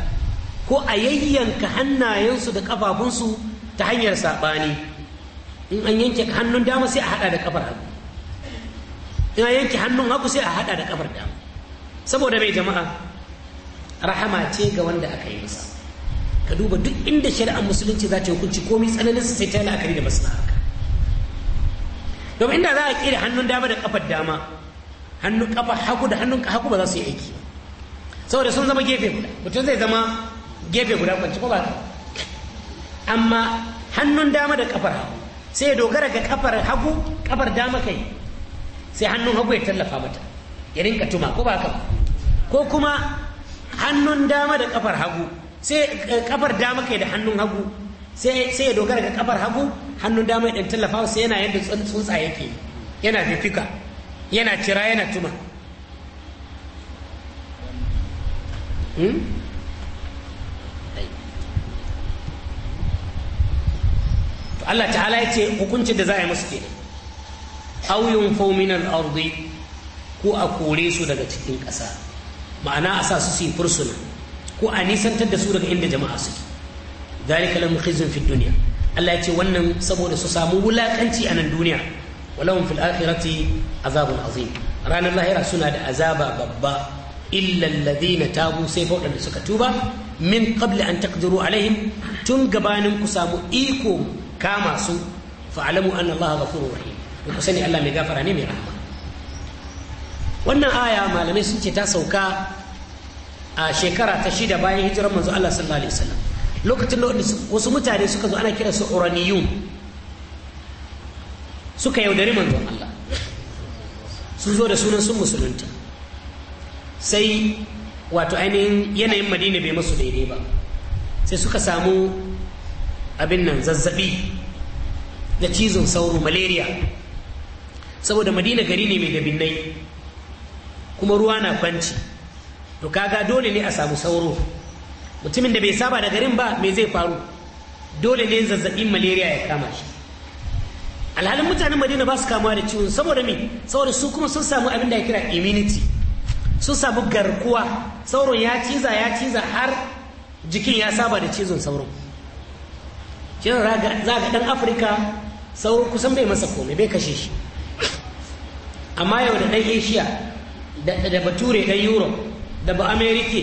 ko a yayyanka hannayensu da kafafunsu ta hanyar saɓani in an yanke hannun dama sai a haɗa da kafar hagu in a yanke hannun hagu sai a haɗa da ƙafar da saboda mai jama'a rahama ce ga wanda aka yi masa ka duba duk inda shari'ar musulunci za ta hukunci komai tsananin su sai ta yi la'akari da masu haka domin inda za a ƙera hannun dama da ƙafar dama hannun ƙafa hagu da hannun hagu ba za su yi aiki saboda sun zama gefe guda mutum zai zama gefe guda kwanci ko ba amma hannun dama da ƙafar hagu sai ya dogara ga ƙafar hagu ƙafar dama kai sai hannun hagu ya tallafa mata ya rinka tuma ko ba haka ba ko kuma hannun dama da kafar hagu sai kafar eh, dama kai da hannun hagu sai ya dogara ga kafar hagu hannun dama ya tallafa sai yana yadda tsuntsa yake yana fifika yana cira yana tuma hmm? Allah ta'ala ya ce hukuncin da za a yi musu kenan auyin fominal min ardi ko a kore su daga cikin ƙasa ma'ana a sa su su yi fursuna ko a nisantar da su daga inda jama'a suke dalika lam khizyun fi duniya Allah ya ce wannan saboda su samu wulakanci a nan duniya walahum fil akhirati azabun azim ranar lahira suna da azaba babba illa alladhina tabu sai fa wadanda suka tuba min qabli an taqdiru alaihim tun gabanin ku samu iko kama su fa'lamu anna Allah ghafurur rahim da ku sani Allah mai gafara ne mai rahama wannan aya malamai sun ce ta sauka a shekara ta shida bayan hijirar manzo Allah sallallahu alaihi wasallam lokacin da wasu mutane suka zo ana kira su uraniyun suka yaudari manzon Allah sun zo da sunan sun musulunta sai wato ainihin yanayin madina bai masu daidai ba sai suka samu abin nan zazzabi na cizon sauro malaria saboda madina gari ne mai dabinnai kuma ruwa na kwanci to kaga dole ne a samu sauro mutumin da bai saba da garin ba mai zai faru dole ne zazzabin malaria ya kama shi alhalin mutanen madina ba su kamuwa da ciwon saboda me saboda su kuma sun samu abin da ya kira immunity sun samu garkuwa sauron ya ciza ya ciza har jikin ya saba da cizon sauron shi za ga dan afirka sauro kusan bai masa komai bai kashe shi amma yau da ɗan asia da bature ɗan europe da ba america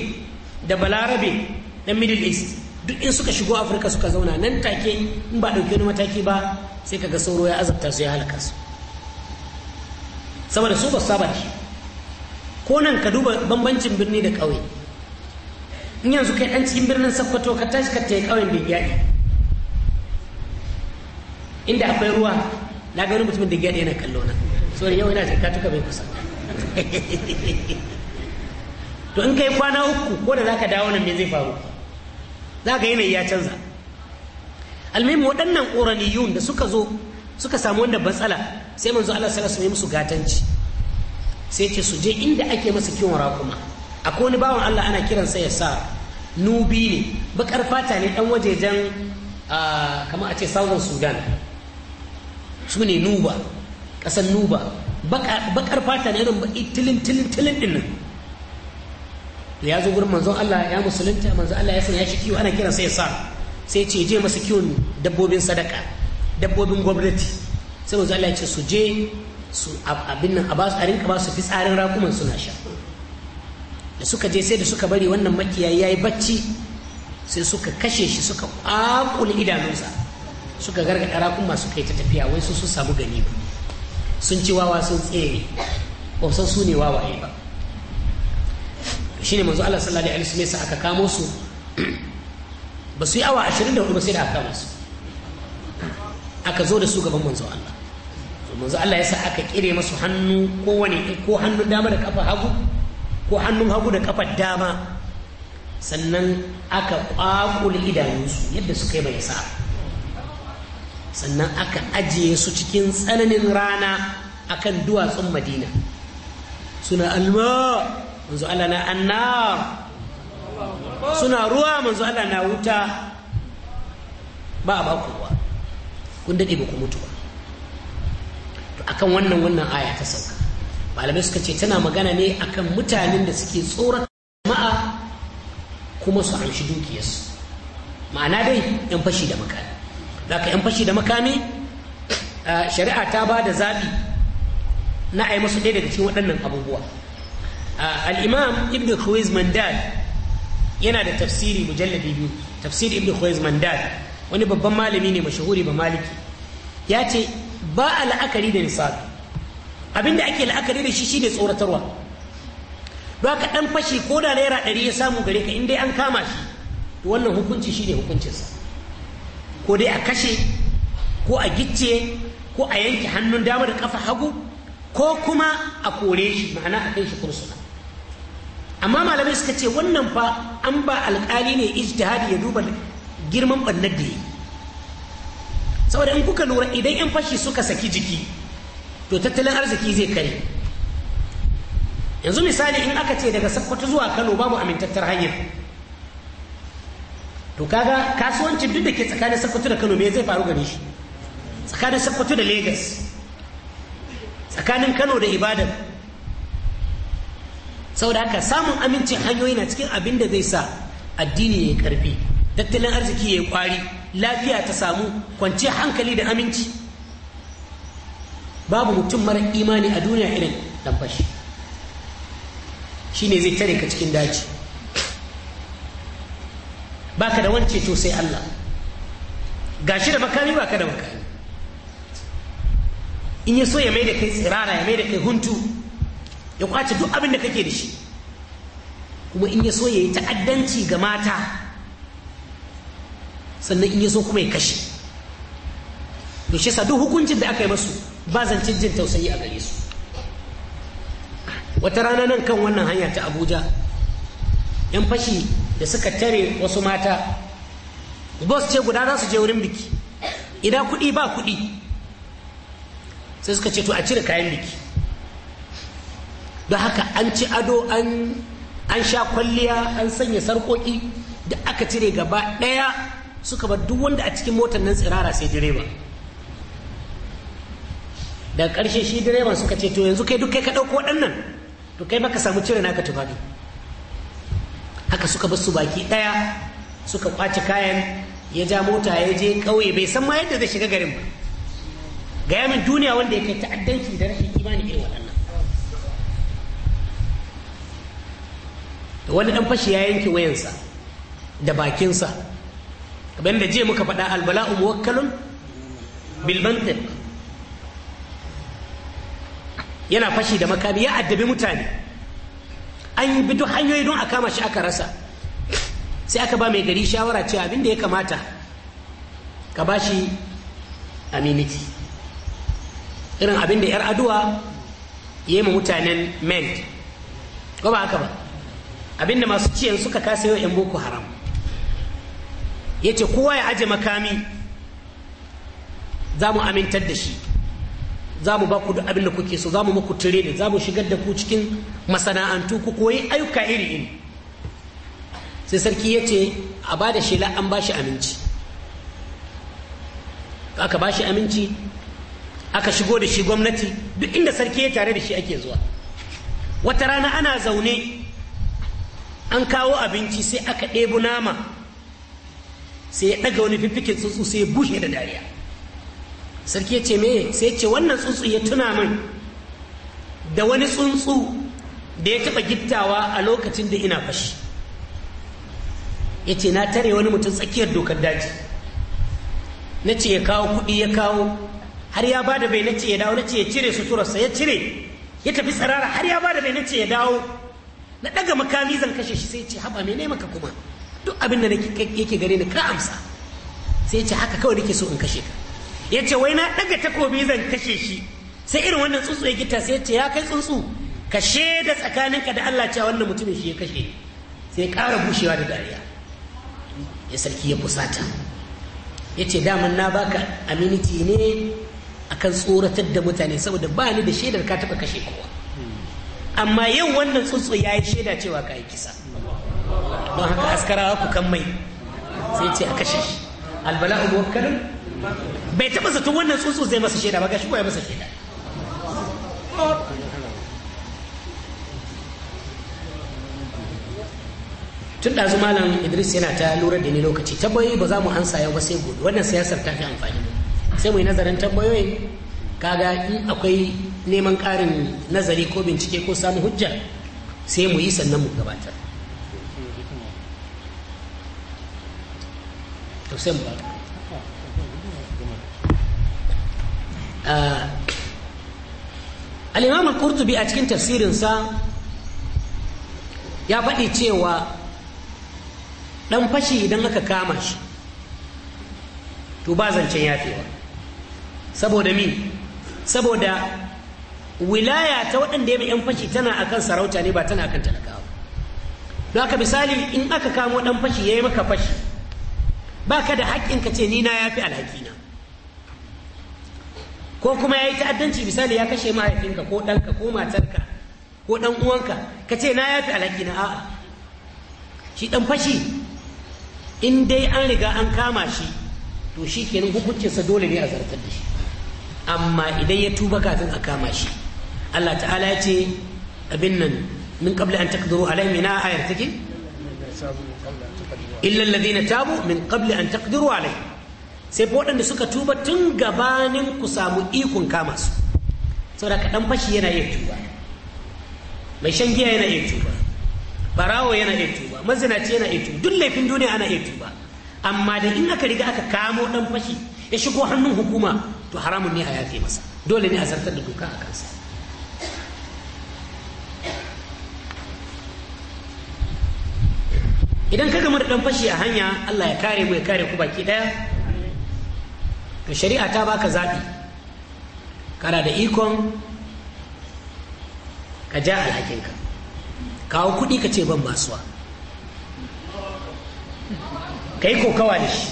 da balarabe ɗan middle east duk in suka shigo afirka suka zauna nan take in ba ɗauke wani mataki ba sai kaga sauro ya azabta su ya halaka su saboda su ba saba shi ko nan ka duba bambancin birni da ƙauye in yanzu kai ɗan cikin birnin sakkwato ka tashi ka tayi ƙauyen bai gyaɗe inda akwai ruwa na gani mutumin da gyaɗe yana kallo na saboda yau yana jaka tuka bai kusa to in kai kwana uku ko da zaka dawo nan me zai faru za ka yanayi ya canza almimu waɗannan ƙoraniyun da suka zo suka samu wanda matsala sai manzo Allah sallallahu alaihi musu gatanci sai ce su je inda ake masa kiwon raƙuma akwai wani bawan Allah ana kiransa ya sa nubi ne bakar fata ne dan wajejen ah, kamar a ce southern sudan su ne nuba ƙasar nuba bakar fata na irin tilin tilin tilin din nan ya zo gurin manzon Allah ya musulunta manzon Allah ya ya shi kiwo ana kiran sai sa sai ce je masu kiwon dabbobin sadaka dabbobin gwamnati sai manzon Allah ya ce su je su abin nan a ba su a rinka ba su fitsarin rakuman suna sha da suka je sai da suka bari wannan makiyayi yayi bacci sai suka kashe shi suka kwakule idanunsa suka gargaɗa rakun masu kai ta tafiya wai su sun samu gani ba. sun ci wawa sun tsere ba san su ne wawaye ba shine manzo Allah sallallahu alaihi wasallam sai aka kamo su ba su yi awa 24 ba sai da aka kamo su aka zo da su gaban manzo Allah manzo Allah ya sa aka kire masu hannu kowane ko hannun dama da kafa hagu ko hannun hagu da kafar dama sannan aka kwakule idanunsu yadda suka yi bai sa'a sannan aka ajiye su cikin tsananin rana akan duwatsun madina suna alma manzo Allah na anna. suna ruwa manzo Allah na wuta ba a baku kun dade ba ku mutu ba to akan wannan wannan aya ta sauka malamai suka ce tana magana ne akan mutanen da suke tsorata jama'a kuma su amshi dukiyarsu ma'ana dai yan fashi da makami da ka 'yan fashi da makami shari'a ta ba da zaɓi na a yi masu ɗaya daga cikin waɗannan abubuwa al'imam ibn khuiz mandal yana da tafsiri mujalladi biyu tafsiri ibn khuiz mandal wani babban malami ne mashahuri ba maliki ya ce ba a la'akari da nisabi abinda ake la'akari da shi shine tsoratarwa ba ka ɗan fashi ko da naira ɗari ya samu gare ka in dai an kama shi wannan hukunci shine hukuncinsa ko dai a kashe ko a gicce ko a yanke hannun dama da kafa hagu ko kuma a kore shi ma'ana a kai shi kursuna amma malamai suka ce wannan fa an ba alkali ne ijtihadi ya duba girman bannar da yi saboda in kuka lura idan yan fashi suka saki jiki to tattalin arziki zai kare yanzu misali in aka ce daga sakkwato zuwa kano babu amintattar hanyar to kaga kasuwancin duk da ke tsakanin Sokoto da Kano me zai faru gare shi tsakanin Sokoto da Lagos tsakanin Kano da Ibadan sau da haka samun amincin hanyoyi na cikin abin da zai sa addini ya karfi tattalin arziki ya kwari lafiya ta samu kwanciyar hankali da aminci babu mutum mara imani a duniya irin dan shi ne zai tare ka cikin daji baka da wance to sai Allah gashi da makami baka da makami in ya so ya mai da kai tsirara ya mai da kai huntu ya kwace duk abin da kake da shi kuma in ya so ya yi ta'addanci ga mata sannan in ya so kuma ya kashe to shi duk hukuncin da aka yi masu ba zancen jin tausayi a gare su wata rana nan kan wannan hanya ta abuja yan fashi da suka tare wasu mata bus ce guda za su je wurin biki idan kuɗi ba kuɗi sai suka ce to a cire kayan biki don haka an ci ado an sha kwalliya an sanya sarƙoƙi da aka cire gaba ɗaya suka bar duk wanda a cikin motar nan tsirara sai direba daga ƙarshe shi direban suka ce to yanzu kai duk kai ka ɗauko waɗannan to kai baka samu cire naka tufafi haka suka bar su baki ɗaya suka kwace kayan ya ja mota ya je kauye bai san ma yadda zai shiga garin ba ga yamin duniya wanda ya kai ta'addanci da rashin imani irin waɗannan wani dan fashi ya yanke wayansa da bakinsa kamar da je muka faɗa albala'u muwakkalun bilmantin yana fashi da makami ya addabi mutane an bi duk hanyoyi don a kama shi aka rasa sai aka ba mai gari shawara ce abin ya kamata ka ba shi aminiti irin abin 'yar aduwa ya yi ma mutanen men ko ba haka ba abin masu ciyan suka kasa yau 'yan boko haram ya ce kowa ya aje makami za mu amintar da shi za mu ba ku duk abin da kuke so za mu muku da za mu shigar da ku cikin masana'antu ku koyi ayyuka iri iri sai sarki ya ce a ba da shela an ba shi aminci aka ba shi aminci aka shigo da shi gwamnati duk inda sarki ya tare da shi ake zuwa wata rana ana zaune an kawo abinci sai aka ɗebo nama sai ya ɗaga wani fiffikin tsuntsu sai ya bushe da dariya sarki ya ce me sai ce wannan tsuntsu ya tuna min da wani tsuntsu da ya taɓa gittawa a lokacin da ina fashi ya ce na tare wani mutum tsakiyar dokar daji na ce ya kawo kuɗi ya kawo har ya ba da bai na ce ya dawo na ce ya cire suturarsa ya cire ya tafi tsarara har ya ba da bai na ce ya dawo na ɗaga makami zan kashe shi sai ce haba mai ne maka kuma duk abin da yake gare ni ka amsa sai ce haka kawai nake so in kashe ka ya ce wai na ɗaga takobi zan kashe shi sai irin wannan tsuntsu ya gita sai ya ce ya kai tsuntsu ka da tsakaninka da Allah cewa wannan mutumin shi ya kashe sai ƙara bushewa da dariya ya sarki ya fusata ya ce daman na baka aminiti ne akan tsoratar da mutane saboda ba ni da shaidar ka taɓa kashe kowa amma yau wannan tsuntsu ya yi shaida cewa ka yi kisa don haka askarawa ku kan mai sai ce a kashe shi albala'u muwakkalin bai taɓa zaton wannan tsuntsu zai masa shaida ba ga shi ya masa shaida tun ɗazu malam idris yana ta lura da ni lokaci tambayoyi ba za mu ansa yau ba sai gobe wannan siyasar ta fi amfani sai mu yi nazarin tambayoyin kaga in akwai neman ƙarin nazari ko bincike ko samun hujja sai mu yi sannan mu gabatar to sai mu Uh, al-imam al-qurtubi a cikin tafsirinsa ya faɗi cewa ɗan fashi idan aka kama shi to ba zancen yafewa saboda min saboda wilaya ta waɗanda ya mai fashi tana akan sarauta ne ba tana akan talakawa don haka misali in aka kamo ɗan fashi ya yi maka fashi ba ka da haƙƙin ka ce ni na yafi alhaƙina ko kuma ya yi ta'addanci misali ya kashe mahaifinka ko ɗanka ko matarka ko ɗan uwanka ka ce na yafi alhaki na a'a shi ɗan fashi in dai an riga an kama shi to shi kenan hukuncinsa dole ne a zartar da shi amma idan ya tuba kafin a kama shi Allah ta'ala ya ce abin nan min qabla an taqdiru alaihim ina ayar take illa alladhina tabu min qabla an taqdiru alaihim sai fa waɗanda suka tuba tun gabanin ku samu ikon kama su saboda kaɗan fashi yana iya tuba mai shan giya yana iya tuba barawo yana iya tuba mazinaci yana iya tuba duk laifin duniya ana iya tuba amma da in aka riga aka kamo ɗan fashi ya shigo hannun hukuma to haramun ne a yafe masa dole ne a zartar da doka a kansa idan ka gama da ɗan fashi a hanya allah ya kare mu ya kare ku baki ɗaya to shari'a ta baka zaɓi kana da ikon ka ja alhakinka kawo kuɗi ka ce ban basuwa ka yi kokawa da shi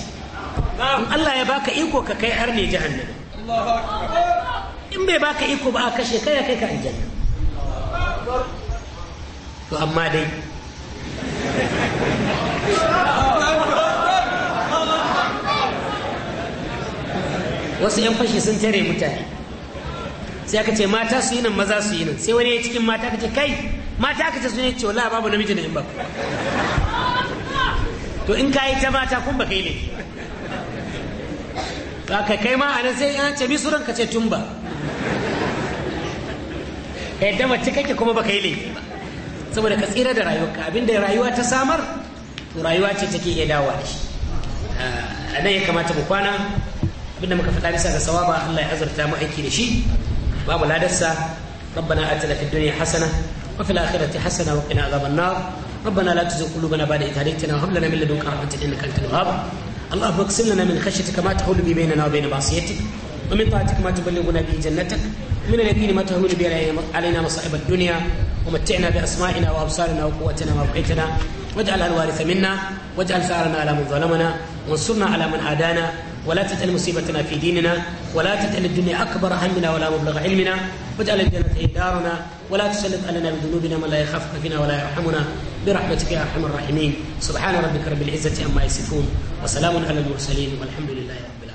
in Allah ya baka iko ka kai har ne jahannama in bai baka iko ba a kashe kai ya kai ka aljanna to amma dai wasu 'yan fashi sun tare mutane sai aka ce mata su yi nan maza su yi nan sai wani ya cikin mata aka ce kai mata aka ce su ne cewa babu namiji na in ba to in ka yi ta mata kun ba kai ne ka kai ma a nan sai an ce bisuran ka ce tun ba yadda mace kake kuma ba kai ne saboda ka tsira da rayuwarka abinda rayuwa ta samar to rayuwa ce take iya dawowa da shi a nan ya kamata mu kwana abinda muka faɗa bisa ga sawaba Allah ya azurta mu aiki da shi babu ladarsa ربنا آتنا في الدنيا حسنة وفي الآخرة حسنة وقنا عذاب النار ربنا لا تزغ قلوبنا بعد إذ هديتنا وهب لنا من لدنك رحمة إنك أنت الوهاب اللهم اقسم لنا من خشيتك ما تحول به بيننا وبين معصيتك ومن طاعتك ما تبلغنا به جنتك من اليقين ما تهون به علينا مصائب الدنيا ومتعنا بأسمائنا وأبصارنا وقوتنا وأبقيتنا واجعلها الوارث منا واجعل ثارنا على من ظلمنا وانصرنا على من عادانا ولا تجعل مصيبتنا في ديننا ولا تجعل الدنيا أكبر همنا ولا مبلغ علمنا واجعل الجنة هي دارنا ولا تسلط علينا بذنوبنا من لا يخافك فينا ولا يرحمنا برحمتك يا أرحم الراحمين سبحان ربك رب العزة عما يصفون وسلام على المرسلين والحمد لله رب العالمين